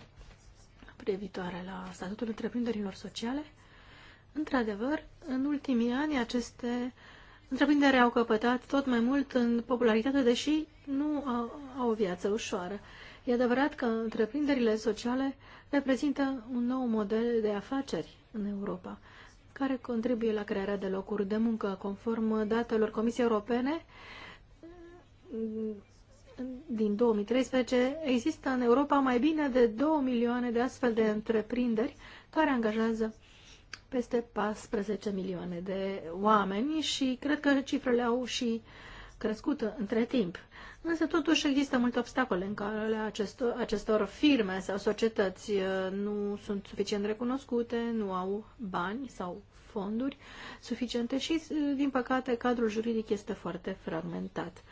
Speaker 3: privitoare la statutul întreprinderilor sociale Într-adevăr, în ultimii ani aceste întreprinderi au căpătat tot mai mult în popularitate, deși nu au, au o viață ușoară. E adevărat că întreprinderile sociale reprezintă un nou model de afaceri în Europa, care contribuie la crearea de locuri de muncă, conform datelor Comisiei Europene. Din 2013 există în Europa mai bine de 2 milioane de astfel de întreprinderi care angajează peste 14 milioane de oameni și cred că cifrele au și crescut între timp. Însă totuși există multe obstacole în care acestor, acestor firme sau societăți nu sunt suficient recunoscute, nu au bani sau fonduri suficiente și, din păcate, cadrul juridic este foarte fragmentat.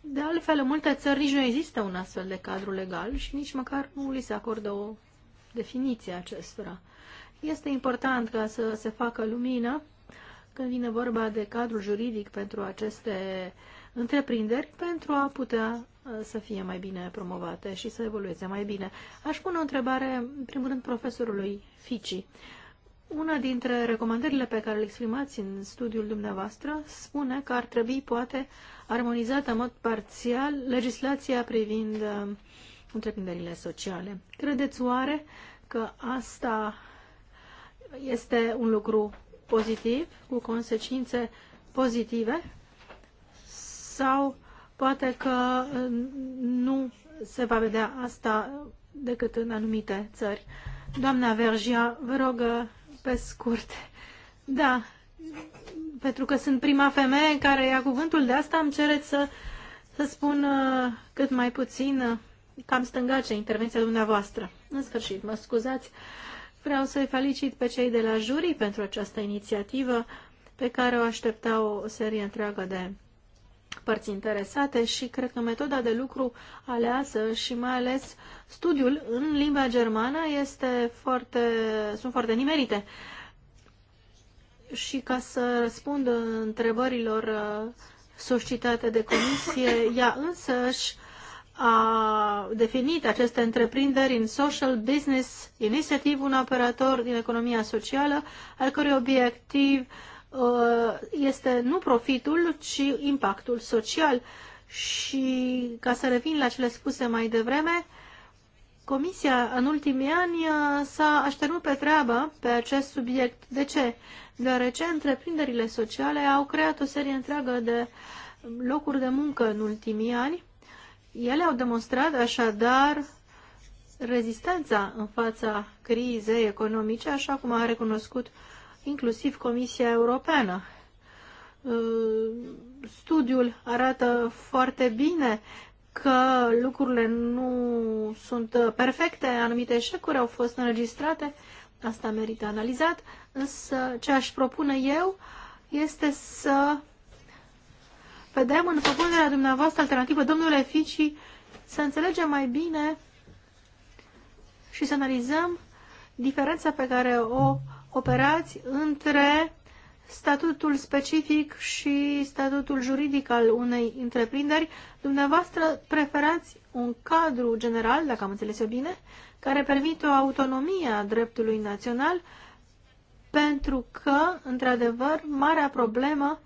Speaker 3: De altfel, în multe țări nici nu există un astfel de cadru legal și nici măcar nu li se acordă o definiție acestora. Este important ca să se facă lumină când vine vorba de cadrul juridic pentru aceste întreprinderi pentru a putea uh, să fie mai bine promovate și să evolueze mai bine. Aș pune o întrebare, în primul rând, profesorului Fici. Una dintre recomandările pe care le exprimați în studiul dumneavoastră spune că ar trebui, poate, armonizată în mod parțial legislația privind uh, întreprinderile sociale. Credeți oare că asta este un lucru pozitiv, cu consecințe pozitive, sau poate că uh, nu se va vedea asta decât în anumite țări. Doamna Vergia, vă rog uh, pe scurt. Da, pentru că sunt prima femeie care ia cuvântul de asta, îmi cereți să, să spun uh, cât mai puțin cam stângace intervenția dumneavoastră. În sfârșit, mă scuzați. Uh, Vreau să-i felicit pe cei de la juri pentru această inițiativă pe care o aștepta o serie întreagă de părți interesate și cred că metoda de lucru aleasă și mai ales studiul în limba germană este foarte, sunt foarte nimerite. Și ca să răspund întrebărilor uh, suscitate de comisie, ea însăși uh, a definit aceste întreprinderi în Social Business Initiative, un operator din economia socială, al cărui obiectiv uh, este nu profitul, ci impactul social. Și ca să revin la cele spuse mai devreme, Comisia în ultimii ani uh, s-a așternut pe treabă pe acest subiect. De ce? Deoarece întreprinderile sociale au creat o serie întreagă de locuri de muncă în ultimii ani ele au demonstrat așadar rezistența în fața crizei economice, așa cum a recunoscut inclusiv Comisia Europeană. Uh, studiul arată foarte bine că lucrurile nu sunt perfecte, anumite eșecuri au fost înregistrate, asta merită analizat, însă ce aș propune eu este să vedem în propunerea dumneavoastră alternativă, domnule Fici, să înțelegem mai bine și să analizăm diferența pe care o operați între statutul specific și statutul juridic al unei întreprinderi. Dumneavoastră preferați un cadru general, dacă am înțeles eu bine, care permite o autonomie a dreptului național, pentru că, într-adevăr, marea problemă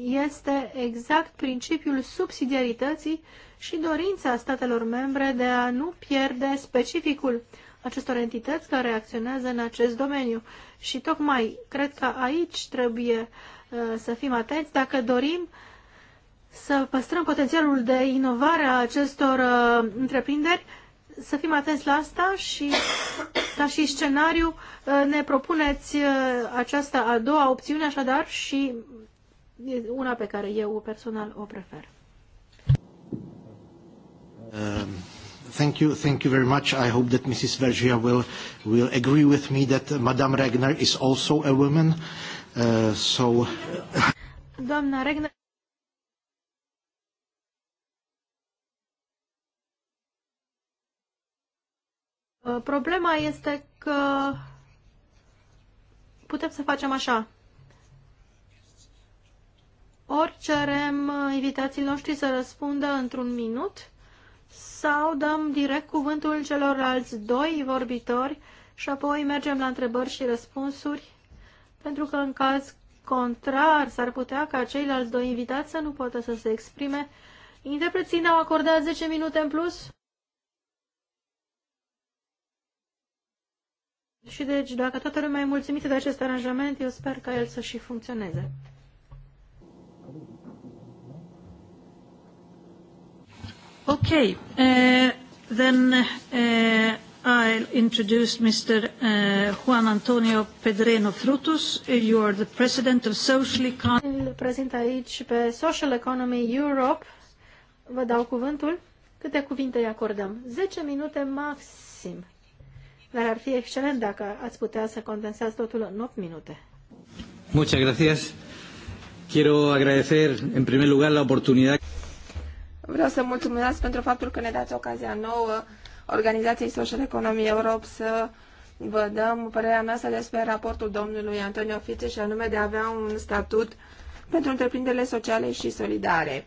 Speaker 3: este exact principiul subsidiarității și dorința statelor membre de a nu pierde specificul acestor entități care acționează în acest domeniu. Și tocmai cred că aici trebuie uh, să fim atenți dacă dorim să păstrăm potențialul de inovare a acestor uh, întreprinderi, să fim atenți la asta și ca și scenariu uh, ne propuneți uh, această a doua opțiune așadar și e una pe care eu personal o prefer.
Speaker 1: Um. Thank you, thank you very much. I hope that Mrs. Vergia will, will agree with me that Madame Regner is also a woman. Uh, so.
Speaker 3: Doamna Regner. Uh, problema este că putem să facem așa. Ori cerem invitații noștri să răspundă într-un minut sau dăm direct cuvântul celorlalți doi vorbitori și apoi mergem la întrebări și răspunsuri, pentru că în caz contrar s-ar putea ca ceilalți doi invitați să nu poată să se exprime. Interpreții ne-au acordat 10 minute în plus? Și deci, dacă toată lumea e mulțumită de acest aranjament, eu sper ca el să și funcționeze. Okay, uh, then uh, I'll introduce Mr. Uh, Juan Antonio Pedreno Frutos. You are the president of Social Economy. Îl prezint aici pe Social Economy Europe. Vă dau cuvântul. Câte cuvinte îi acordăm? 10 minute maxim. Dar ar fi excelent dacă ați putea să condensați totul în 8 minute. Muchas gracias. Quiero agradecer en primer lugar la oportunidad
Speaker 2: Vreau să mulțumesc pentru faptul că ne dați ocazia nouă Organizației Social Economy Europe să vă dăm părerea noastră despre raportul domnului Antonio Fițe și anume de a avea un statut pentru întreprinderile sociale și solidare.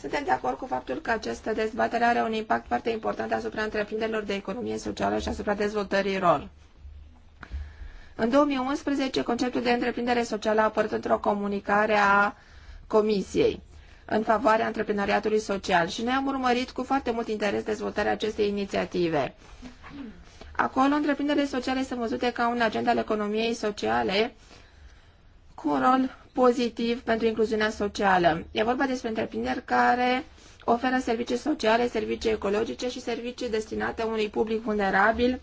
Speaker 2: Suntem de acord cu faptul că această dezbatere are un impact foarte important asupra întreprinderilor de economie socială și asupra dezvoltării lor. În 2011, conceptul de întreprindere socială a apărut într-o comunicare a Comisiei în favoarea antreprenoriatului social și noi am urmărit cu foarte mult interes dezvoltarea acestei inițiative. Acolo, întreprinderile sociale sunt văzute ca un agent al economiei sociale cu un rol pozitiv pentru incluziunea socială. E vorba despre întreprinderi care oferă servicii sociale, servicii ecologice și servicii destinate unui public vulnerabil,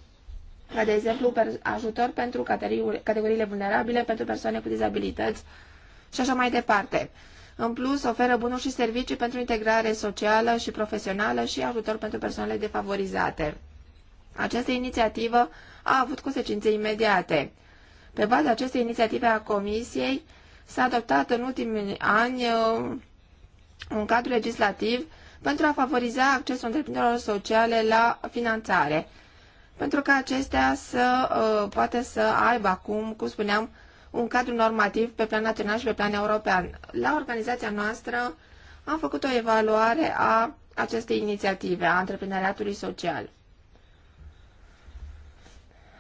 Speaker 2: ca de exemplu ajutor pentru categoriile vulnerabile, pentru persoane cu dizabilități și așa mai departe. În plus, oferă bunuri și servicii pentru integrare socială și profesională și ajutor pentru persoanele defavorizate. Această inițiativă a avut consecințe imediate. Pe baza acestei inițiative a Comisiei s-a adoptat în ultimii ani uh, un cadru legislativ pentru a favoriza accesul întreprinderilor sociale la finanțare, pentru ca acestea să uh, poată să aibă acum, cum spuneam, un cadru normativ pe plan național și pe plan european. La organizația noastră am făcut o evaluare a acestei inițiative, a antreprenoriatului social.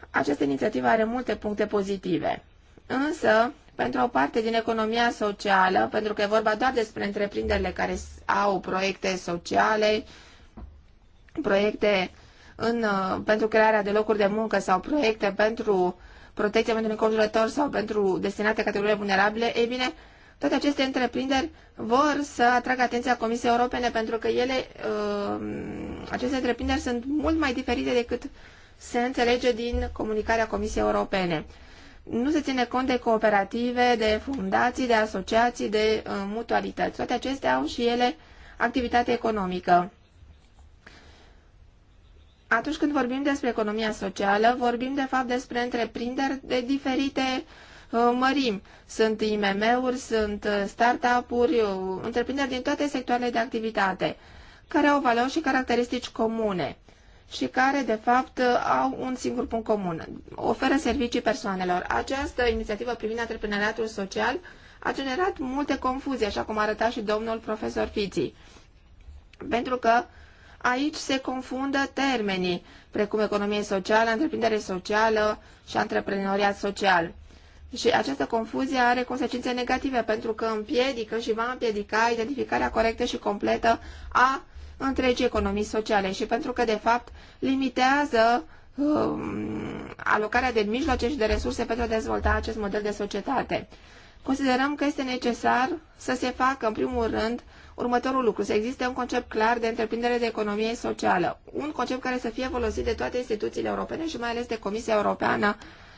Speaker 2: Această inițiativă are multe puncte pozitive, însă, pentru o parte din economia socială, pentru că e vorba doar despre întreprinderile care au proiecte sociale, proiecte în, uh, pentru crearea de locuri de muncă sau proiecte pentru protecția pentru înconjurător sau pentru destinate categoriile vulnerabile, ei bine, toate aceste întreprinderi vor să atragă atenția Comisiei Europene pentru că ele, um, aceste întreprinderi sunt mult mai diferite decât se înțelege din comunicarea Comisiei Europene. Nu se ține cont de cooperative, de fundații, de asociații, de uh, mutualități. Toate acestea au și ele activitate economică atunci când vorbim despre economia socială, vorbim de fapt despre întreprinderi de diferite uh, mărimi. Sunt IMM-uri, sunt uh, startup-uri, uh, întreprinderi din toate sectoarele de activitate, care au valori și caracteristici comune și care, de fapt, au un singur punct comun. Oferă servicii persoanelor. Această inițiativă privind antreprenoriatul social a generat multe confuzii, așa cum arăta și domnul profesor Fiții. Pentru că Aici se confundă termenii, precum economie socială, întreprindere socială și antreprenoriat social. Și această confuzie are consecințe negative pentru că împiedică și va împiedica identificarea corectă și completă a întregii economii sociale și pentru că, de fapt, limitează um, alocarea de mijloace și de resurse pentru a dezvolta acest model de societate. Considerăm că este necesar să se facă, în primul rând, următorul lucru, să existe un concept clar de întreprindere de economie socială, un concept care să fie folosit de toate instituțiile europene și mai ales de Comisia Europeană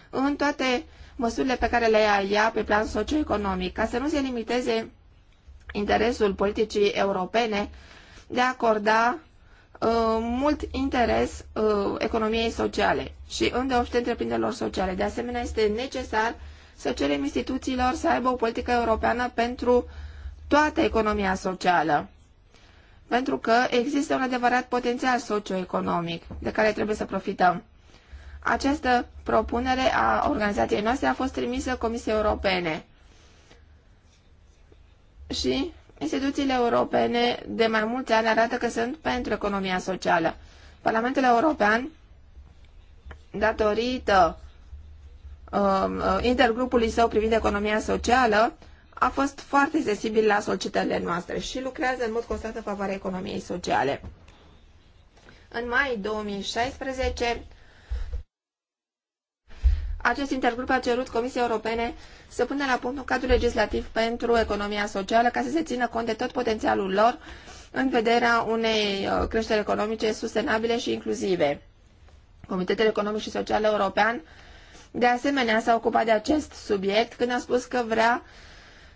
Speaker 2: în toate măsurile pe care le ia pe plan socioeconomic, ca să nu se limiteze interesul politicii europene de a acorda uh, mult interes uh, economiei sociale și îndeopște întreprinderilor sociale. De asemenea, este necesar să cerem instituțiilor să aibă o politică europeană pentru uh, toată economia socială. Pentru că există un adevărat potențial socioeconomic de care trebuie să profităm. Această propunere a organizației noastre a fost trimisă Comisiei Europene și instituțiile europene de mai mulți ani arată că sunt pentru economia socială. Parlamentul European, datorită um, uh, intergrupului său privind economia socială, a fost foarte sensibil la solicitările noastre și lucrează în mod constant în favoarea economiei sociale. În mai 2016, acest intergrup a cerut Comisiei Europene să pună la punct un cadru legislativ pentru economia socială ca să se țină cont de tot potențialul lor în vederea unei uh, creșteri economice sustenabile și inclusive. Comitetul Economic și Social European de asemenea s-a ocupat de acest subiect când a spus că vrea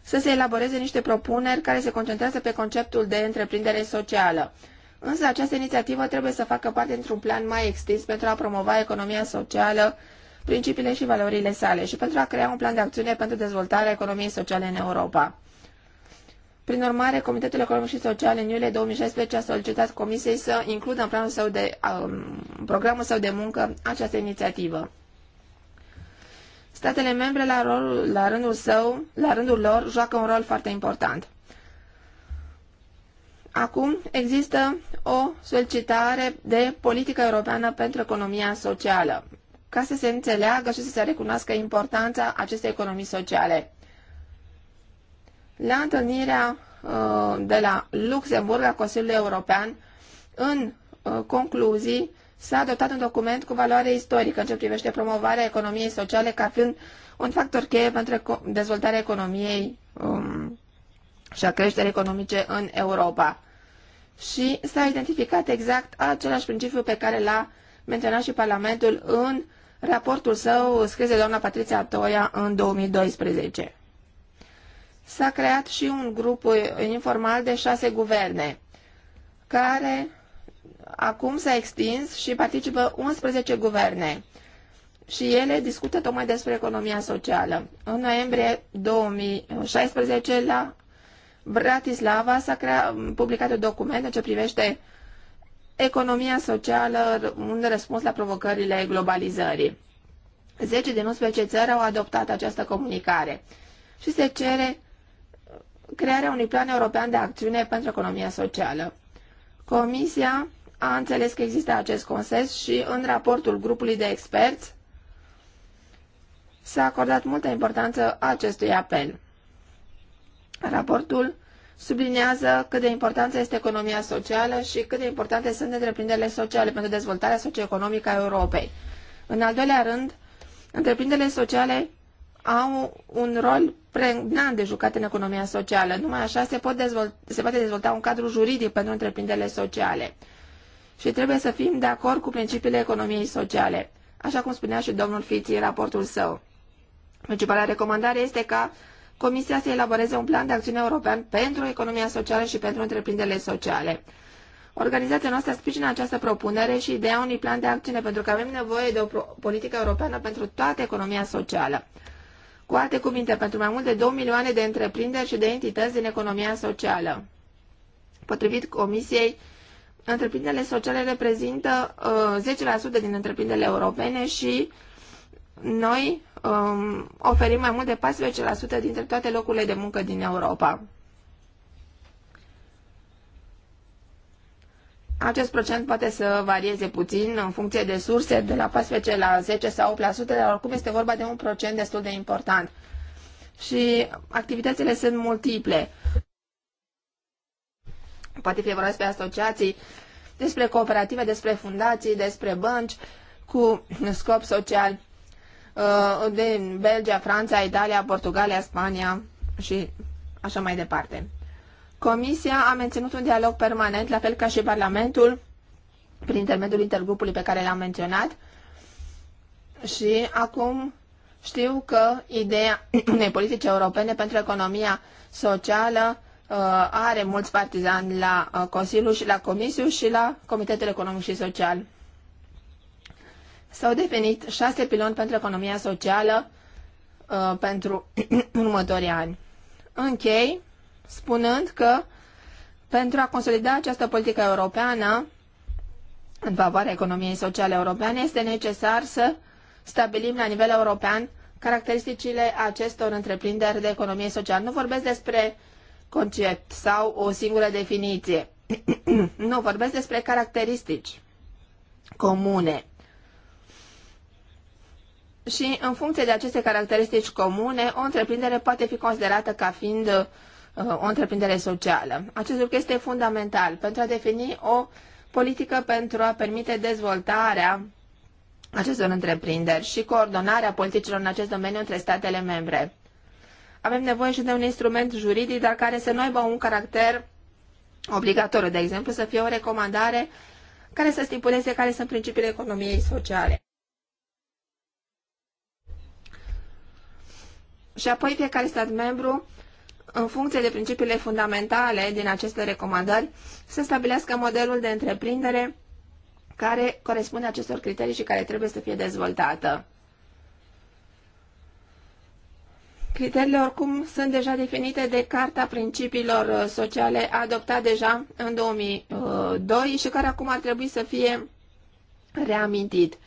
Speaker 2: să se elaboreze niște propuneri care se concentrează pe conceptul de întreprindere socială. Însă această inițiativă trebuie să facă parte într un plan mai extins pentru a promova economia socială, principiile și valorile sale și pentru a crea un plan de acțiune pentru dezvoltarea economiei sociale în Europa. Prin urmare, Comitetul Economic și Social în iulie 2016 a solicitat Comisiei să includă în planul său de, um, programul său de muncă această inițiativă statele membre la, rolul, la, rândul său, la rândul lor joacă un rol foarte important. Acum există o solicitare de politică europeană pentru economia socială, ca să se înțeleagă și să se recunoască importanța acestei economii sociale. La întâlnirea uh, de la Luxemburg la Consiliul European, în uh, concluzii, s-a adoptat un document cu valoare istorică în ce privește promovarea economiei sociale ca fiind un factor cheie pentru dezvoltarea economiei um, și a creșterii economice în Europa. Și s-a identificat exact același principiu pe care l-a menționat și Parlamentul în raportul său scris de doamna Patricia Toia în 2012. S-a creat și un grup informal de șase guverne, care acum s-a extins și participă 11 guverne și ele discută tocmai despre economia socială. În noiembrie 2016 la Bratislava s-a crea, publicat un document în ce privește economia socială, un răspuns la provocările globalizării. 10 din 11 țări au adoptat această comunicare și se cere crearea unui plan european de acțiune pentru economia socială. Comisia a înțeles că există acest consens și în raportul grupului de experți s-a acordat multă importanță acestui apel. Raportul subliniază cât de importantă este economia socială și cât de importante sunt întreprinderile sociale pentru dezvoltarea socioeconomică a Europei. În al doilea rând, întreprinderile sociale au un rol pregnant de jucat în economia socială. Numai așa se, pot dezvolta, se poate dezvolta un cadru juridic pentru întreprinderile sociale și trebuie să fim de acord cu principiile economiei sociale, așa cum spunea și domnul Fiții în raportul său. Principala recomandare este ca Comisia să elaboreze un plan de acțiune european pentru economia socială și pentru întreprinderile sociale. Organizația noastră sprijină această propunere și ideea unui plan de acțiune pentru că avem nevoie de o politică europeană pentru toată economia socială. Cu alte cuvinte, pentru mai mult de 2 milioane de întreprinderi și de entități din economia socială. Potrivit Comisiei, întreprinderile sociale reprezintă uh, 10% din întreprinderile europene și noi um, oferim mai mult de 14% dintre toate locurile de muncă din Europa. Acest procent poate să varieze puțin în funcție de surse, de la 14 la 10 sau 8%, dar oricum este vorba de un procent destul de important. Și activitățile sunt multiple. Poate fi vorba despre asociații, despre cooperative, despre fundații, despre bănci cu scop social uh, din Belgia, Franța, Italia, Portugalia, Spania și așa mai departe. Comisia a menținut un dialog permanent, la fel ca și Parlamentul, prin intermediul intergrupului pe care l-am menționat. Și acum știu că ideea unei politici europene pentru economia socială Uh, are mulți partizani la uh, Consiliu și la Comisiu și la Comitetul Economic și Social. S-au definit șase piloni pentru economia socială uh, pentru următorii ani. Închei spunând că pentru a consolida această politică europeană în favoarea economiei sociale europene este necesar să stabilim la nivel european caracteristicile acestor întreprinderi de economie socială. Nu vorbesc despre concept sau o singură definiție. nu, vorbesc despre caracteristici comune. Și în funcție de aceste caracteristici comune, o întreprindere poate fi considerată ca fiind uh, o întreprindere socială. Acest lucru este fundamental pentru a defini o politică pentru a permite dezvoltarea acestor întreprinderi și coordonarea politicilor în acest domeniu între statele membre avem nevoie și de un instrument juridic, dar care să nu aibă un caracter obligatoriu, de exemplu, să fie o recomandare care să stipuleze care sunt principiile economiei sociale. Și apoi fiecare stat membru, în funcție de principiile fundamentale din aceste recomandări, să stabilească modelul de întreprindere care corespunde acestor criterii și care trebuie să fie dezvoltată. Criteriile oricum sunt deja definite de Carta Principiilor uh, Sociale adoptată deja în 2002 uh, și care acum ar trebui să fie reamintit.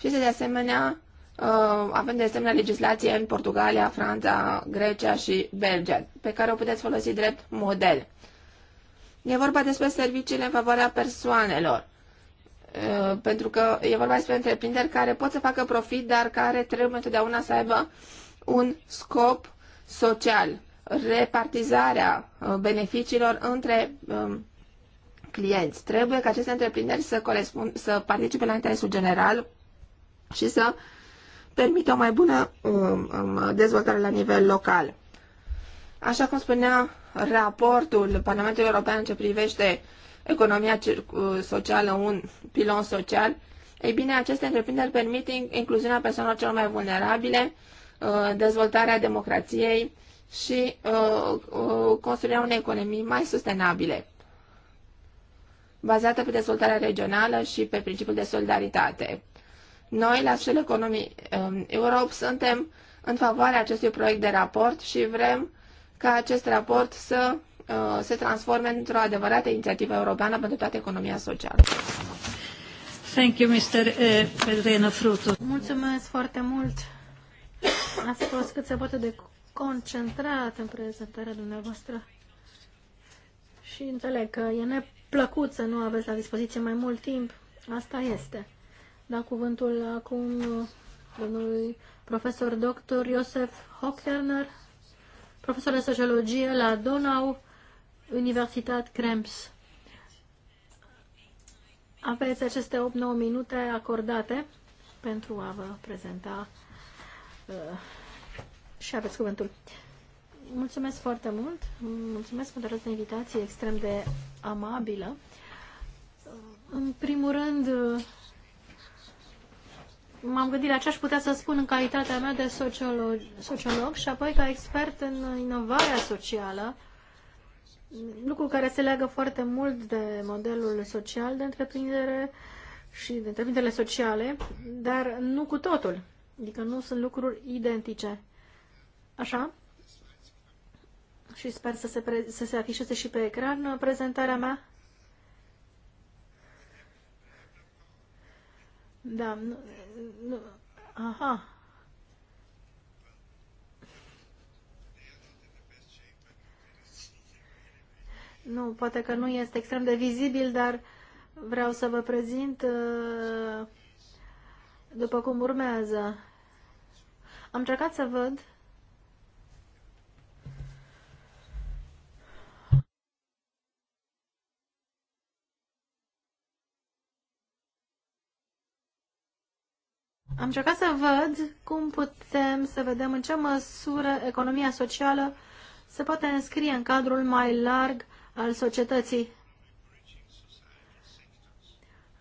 Speaker 2: Și de asemenea, uh, avem de asemenea legislație în Portugalia, Franța, Grecia și Belgia, pe care o puteți folosi drept model. E vorba despre serviciile în favoarea persoanelor pentru că e vorba despre întreprinderi care pot să facă profit, dar care trebuie întotdeauna să aibă un scop social, repartizarea uh, beneficiilor între um, clienți. Trebuie ca aceste întreprinderi să, corespund, să participe la interesul general și să permită o mai bună um, um, dezvoltare la nivel local. Așa cum spunea raportul Parlamentului European ce privește economia uh, socială, un pilon social, ei bine, aceste întreprinderi permit incluziunea persoanelor celor mai vulnerabile Uh, dezvoltarea democrației și uh, uh, construirea unei economii mai sustenabile, bazată pe dezvoltarea regională și pe principiul de solidaritate. Noi, la Shell Economy um, Europe, suntem în favoarea acestui proiect de raport și vrem ca acest raport să se transforme într-o adevărată inițiativă europeană pentru toată economia socială.
Speaker 3: Thank you, Mr. Uh, Frutu. Mulțumesc foarte mult, Ați fost cât se poate de concentrat în prezentarea dumneavoastră și înțeleg că e neplăcut să nu aveți la dispoziție mai mult timp. Asta este. Da cuvântul acum domnului profesor doctor Iosef Hochterner, profesor de sociologie la Donau, Universitat Krems. Aveți aceste 8-9 minute acordate pentru a vă prezenta Uh, și aveți cuvântul. Mulțumesc foarte mult, mulțumesc pentru această invitație extrem de amabilă. Uh, în primul rând, uh, m-am gândit la ce aș putea să spun în calitatea mea de sociolog, sociolog și apoi ca expert în inovarea socială, lucru care se leagă foarte mult de modelul social de întreprindere și de întreprinderile sociale, dar nu cu totul. Adică nu sunt lucruri identice. Așa? Și sper să se, pre- să se afișeze și pe ecran prezentarea mea. Da, nu, nu, aha. Nu, poate că nu este extrem de vizibil, dar vreau să vă prezint uh, după cum urmează. Am încercat să văd Am încercat să văd cum putem să vedem în ce măsură economia socială se poate înscrie în cadrul mai larg al societății.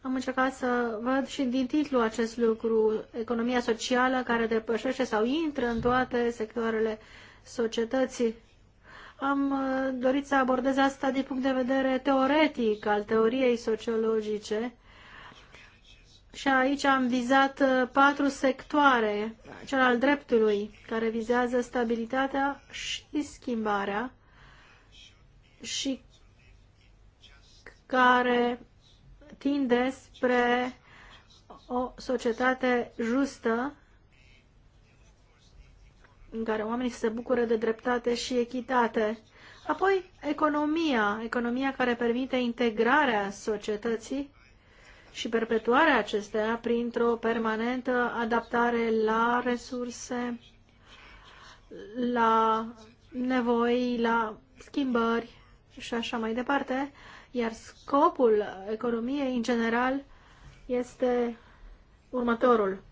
Speaker 3: Am încercat să văd și din titlu acest lucru, economia socială care depășește sau intră în toate sectoarele societății. Am uh, dorit să abordez asta din punct de vedere teoretic al teoriei sociologice și aici am vizat uh, patru sectoare, cel al dreptului, care vizează stabilitatea și schimbarea și care tinde spre o societate justă în care oamenii se bucură de dreptate și echitate. Apoi, economia, economia care permite integrarea societății și perpetuarea acesteia printr-o permanentă adaptare la resurse, la nevoi, la schimbări și așa mai departe. Iar scopul economiei, în general, este următorul.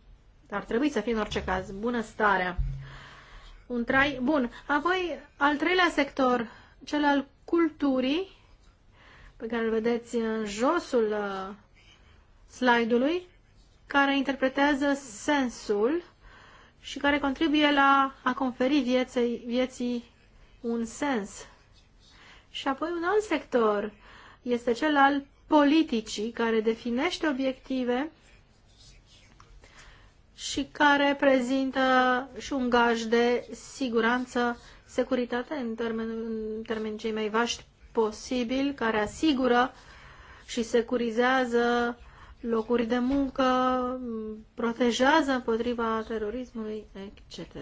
Speaker 3: Ar trebui să fie, în orice caz, bunăstarea. Un trai bun. Apoi, al treilea sector, cel al culturii, pe care îl vedeți în josul uh, slide-ului, care interpretează sensul și care contribuie la a conferi vieții, vieții un sens. Și apoi un alt sector este cel al politicii care definește obiective și care prezintă și un gaj de siguranță, securitate în termeni, în cei mai vaști posibil, care asigură și securizează locuri de muncă, protejează împotriva terorismului, etc.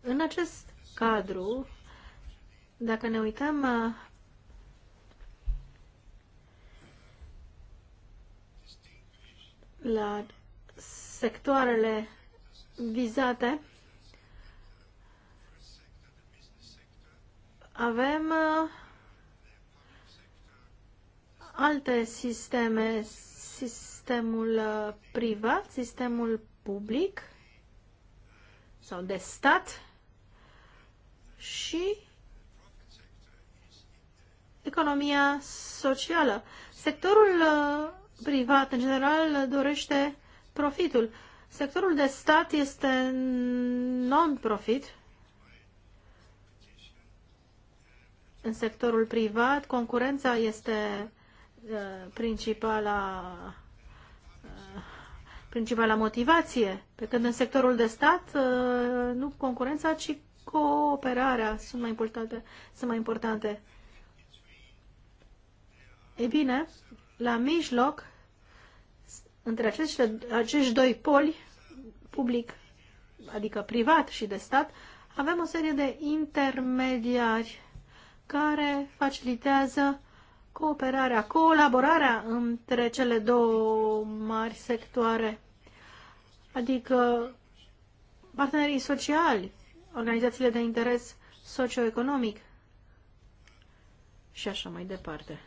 Speaker 3: În acest cadru, dacă ne uităm la sectoarele vizate, avem uh, alte sisteme, sistemul uh, privat, sistemul public sau de stat și economia socială. Sectorul uh, privat, în general, dorește profitul. Sectorul de stat este non-profit. În sectorul privat, concurența este uh, principala, uh, principala motivație, pe când în sectorul de stat uh, nu concurența, ci cooperarea sunt mai importante. Sunt mai importante. E bine, la mijloc între acești, acești doi poli, public, adică privat și de stat, avem o serie de intermediari care facilitează cooperarea, colaborarea între cele două mari sectoare, adică partenerii sociali, organizațiile de interes socioeconomic și așa mai departe.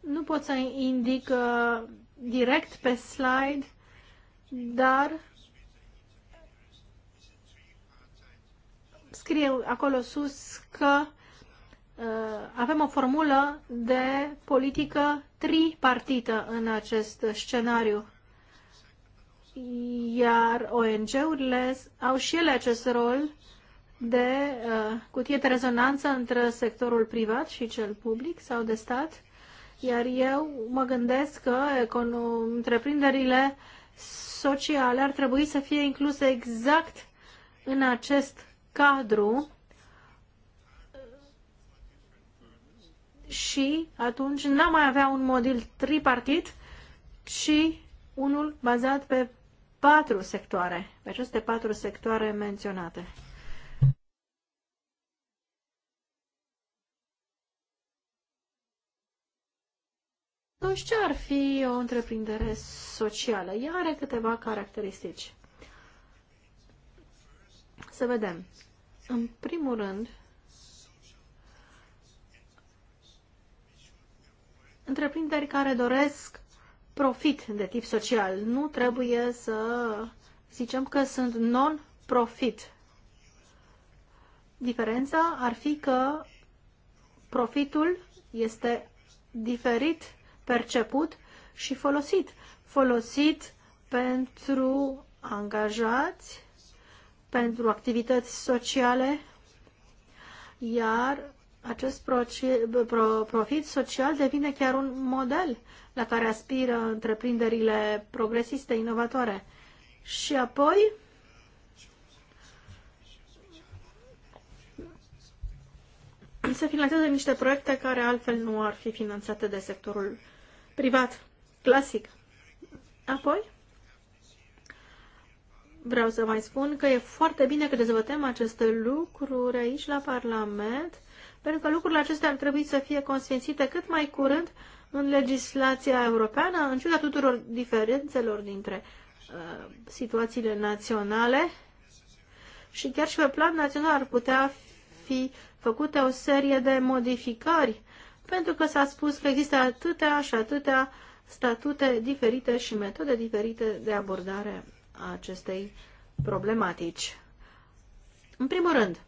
Speaker 3: Nu pot să indic uh, direct pe slide, dar scrie acolo sus că uh, avem o formulă de politică tripartită în acest scenariu. Iar ONG-urile au și ele acest rol de uh, cutie de rezonanță între sectorul privat și cel public sau de stat iar eu mă gândesc că întreprinderile sociale ar trebui să fie incluse exact în acest cadru și atunci n-am mai avea un model tripartit, ci unul bazat pe patru sectoare, pe aceste patru sectoare menționate. Atunci, ce ar fi o întreprindere socială? Ea are câteva caracteristici. Să vedem. În primul rând, întreprinderi care doresc profit de tip social. Nu trebuie să zicem că sunt non-profit. Diferența ar fi că profitul este diferit perceput și folosit. Folosit pentru angajați, pentru activități sociale, iar acest profit social devine chiar un model la care aspiră întreprinderile progresiste, inovatoare. Și apoi, se finanțează niște proiecte care altfel nu ar fi finanțate de sectorul privat, clasic. Apoi, vreau să mai spun că e foarte bine că dezvătăm aceste lucruri aici la Parlament, pentru că lucrurile acestea ar trebui să fie consfințite cât mai curând în legislația europeană, în ciuda tuturor diferențelor dintre uh, situațiile naționale și chiar și pe plan național ar putea fi făcute o serie de modificări pentru că s-a spus că există atâtea și atâtea statute diferite și metode diferite de abordare a acestei problematici. În primul rând,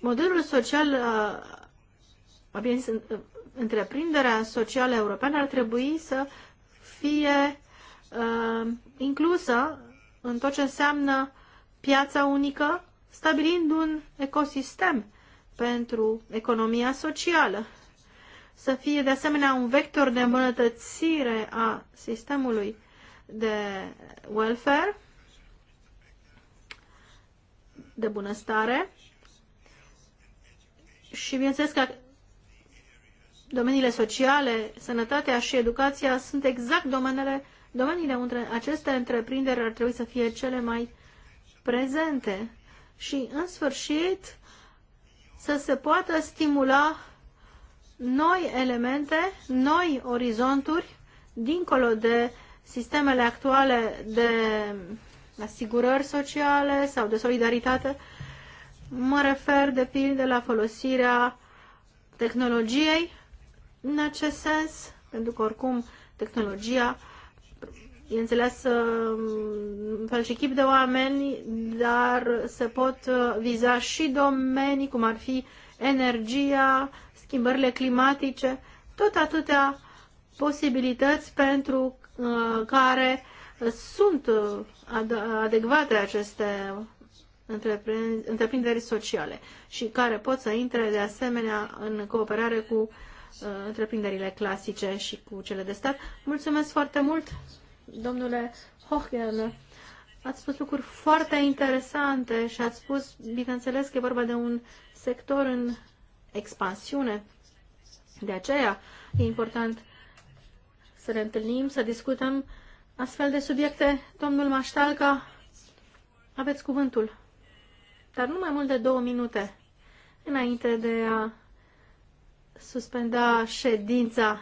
Speaker 3: modelul social, uh, uh, întreprinderea socială europeană ar trebui să fie uh, inclusă în tot ce înseamnă piața unică, stabilind un ecosistem pentru economia socială, să fie de asemenea un vector de îmbunătățire a sistemului de welfare, de bunăstare și bineînțeles că domeniile sociale, sănătatea și educația sunt exact domeniile, domeniile unde aceste întreprinderi ar trebui să fie cele mai prezente. Și, în sfârșit, să se poată stimula noi elemente, noi orizonturi, dincolo de sistemele actuale de asigurări sociale sau de solidaritate. Mă refer, de pildă, la folosirea tehnologiei în acest sens, pentru că oricum tehnologia e înțeles în mm, fel și chip de oameni, dar se pot uh, viza și domenii, cum ar fi energia, schimbările climatice, tot atâtea posibilități pentru uh, care sunt uh, adecvate aceste întreprinderi sociale și care pot să intre de asemenea în cooperare cu întreprinderile clasice și cu cele de stat. Mulțumesc foarte mult! domnule Hochgel, ați spus lucruri foarte interesante și ați spus, bineînțeles, că e vorba de un sector în expansiune. De aceea e important să ne întâlnim, să discutăm astfel de subiecte. Domnul Maștalca, aveți cuvântul, dar nu mai mult de două minute înainte de a suspenda ședința.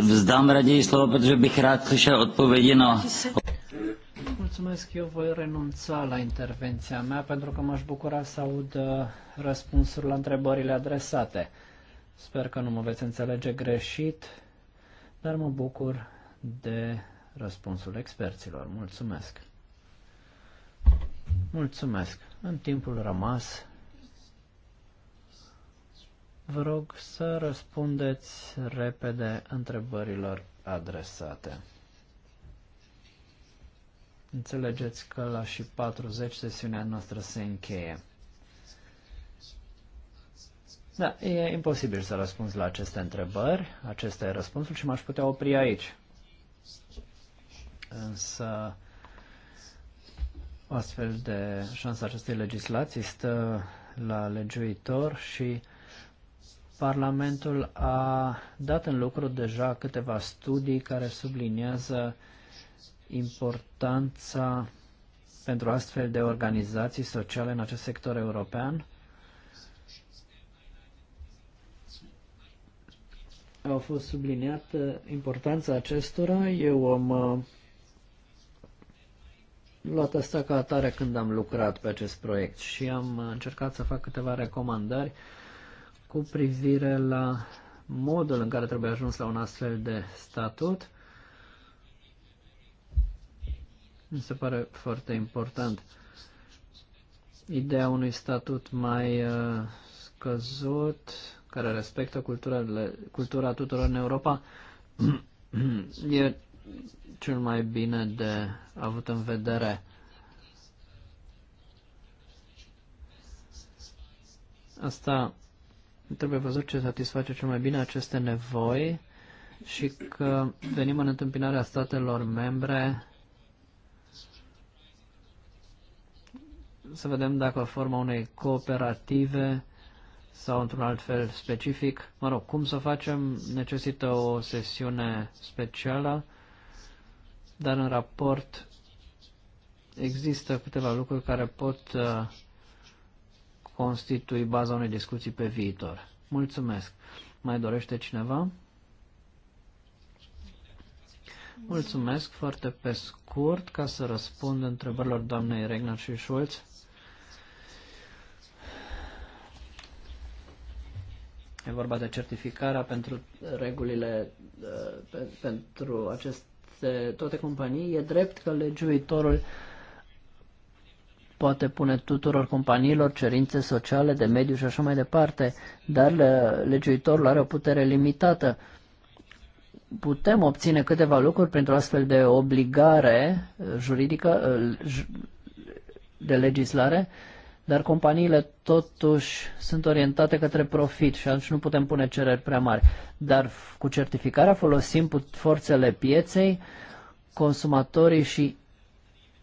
Speaker 1: Vzdám raději slovo, protože bych rád slyšel odpovědi na... Mulțumesc, eu voi renunța la intervenția mea pentru că m-aș bucura să aud uh, răspunsuri la întrebările adresate. Sper că nu mă veți înțelege greșit, dar mă bucur de răspunsul experților. Mulțumesc! Mulțumesc! În timpul rămas Vă rog să răspundeți repede întrebărilor adresate. Înțelegeți că la și 40 sesiunea noastră se încheie. Da, e imposibil să răspunzi la aceste întrebări. Acesta e răspunsul și m-aș putea opri aici. Însă o astfel de șansa acestei legislații stă la legiuitor și Parlamentul a dat în lucru deja câteva studii care subliniază importanța pentru astfel de organizații sociale în acest sector european. Au fost subliniată uh, importanța acestora. Eu am uh, luat asta ca atare când am lucrat pe acest proiect și am uh, încercat să fac câteva recomandări cu privire la modul în care trebuie ajuns la un astfel de statut. Mi se pare foarte important. Ideea unui statut mai uh, scăzut, care respectă cultura cultura tuturor în Europa, e cel mai bine de avut în vedere. Asta trebuie văzut ce satisface cel mai bine aceste nevoi și că venim în întâmpinarea statelor membre să vedem dacă forma unei cooperative sau într-un alt fel specific. Mă rog, cum să facem necesită o sesiune specială, dar în raport există câteva lucruri care pot uh, constitui baza unei discuții pe viitor. Mulțumesc. Mai dorește cineva? Mulțumesc foarte pe scurt ca să răspund întrebărilor doamnei Regner și Schulz. E vorba de certificarea pentru regulile uh, pentru aceste toate companii. E drept că legiuitorul poate pune tuturor companiilor cerințe sociale, de mediu și așa mai departe, dar legiuitorul are o putere limitată. Putem obține câteva lucruri printr-o astfel de obligare uh, juridică uh, de legislare, dar companiile totuși sunt orientate către profit și atunci nu putem pune cereri prea mari. Dar cu certificarea folosim forțele pieței, consumatorii și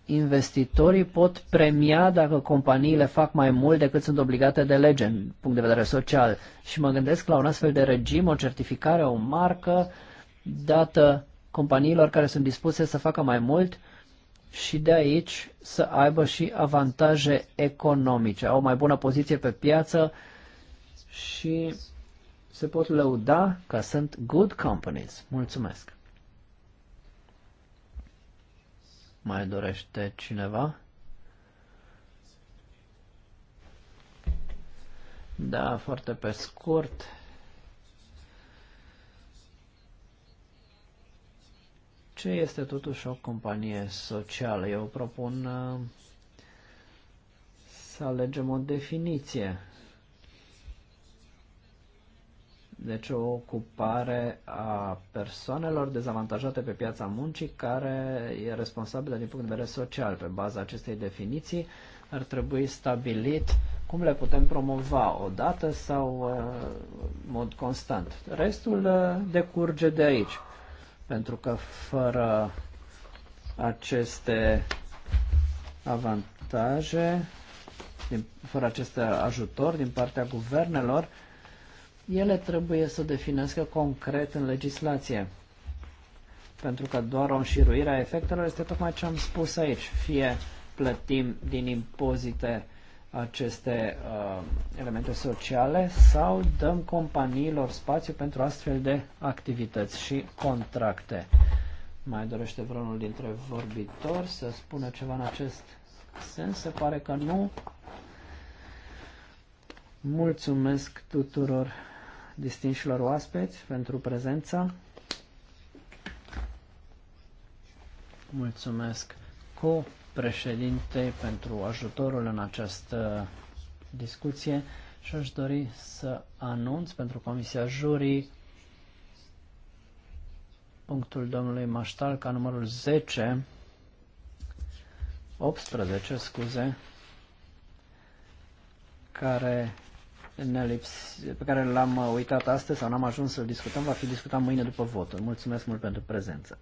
Speaker 1: investitorii pot premia dacă companiile fac mai mult decât sunt obligate de lege în punct de vedere social. Și mă gândesc la un astfel de regim, o certificare, o marcă dată companiilor care sunt dispuse să facă mai mult și de aici să aibă și avantaje economice. Au o mai bună poziție pe piață și se pot lăuda că sunt good companies. Mulțumesc! Mai dorește cineva? Da, foarte pe scurt. Ce este totuși o companie socială? Eu propun uh, să alegem o definiție. Deci o ocupare a persoanelor dezavantajate pe piața muncii care e responsabilă din punct de vedere social. Pe baza acestei definiții ar trebui stabilit cum le putem promova o dată sau uh, mod constant. Restul uh, decurge de aici, pentru că fără aceste avantaje, din, fără acest ajutor din partea guvernelor, uh, ele trebuie să definească concret în legislație. Pentru că doar o înșiruire a efectelor este tocmai ce am spus aici. Fie plătim din impozite aceste uh, elemente sociale sau dăm companiilor spațiu pentru astfel de activități și contracte. Mai dorește vreunul dintre vorbitori să spună ceva în acest sens? Se pare că nu. Mulțumesc tuturor distinșilor oaspeți pentru prezența. Mulțumesc co președinte pentru ajutorul în această discuție și aș dori să anunț pentru Comisia Jurii punctul domnului Maștal ca numărul 10, 18, scuze, care ne pe care l-am uh, uitat astăzi sau n-am ajuns să-l discutăm va fi discutat mâine după vot. Mulțumesc mult pentru prezență.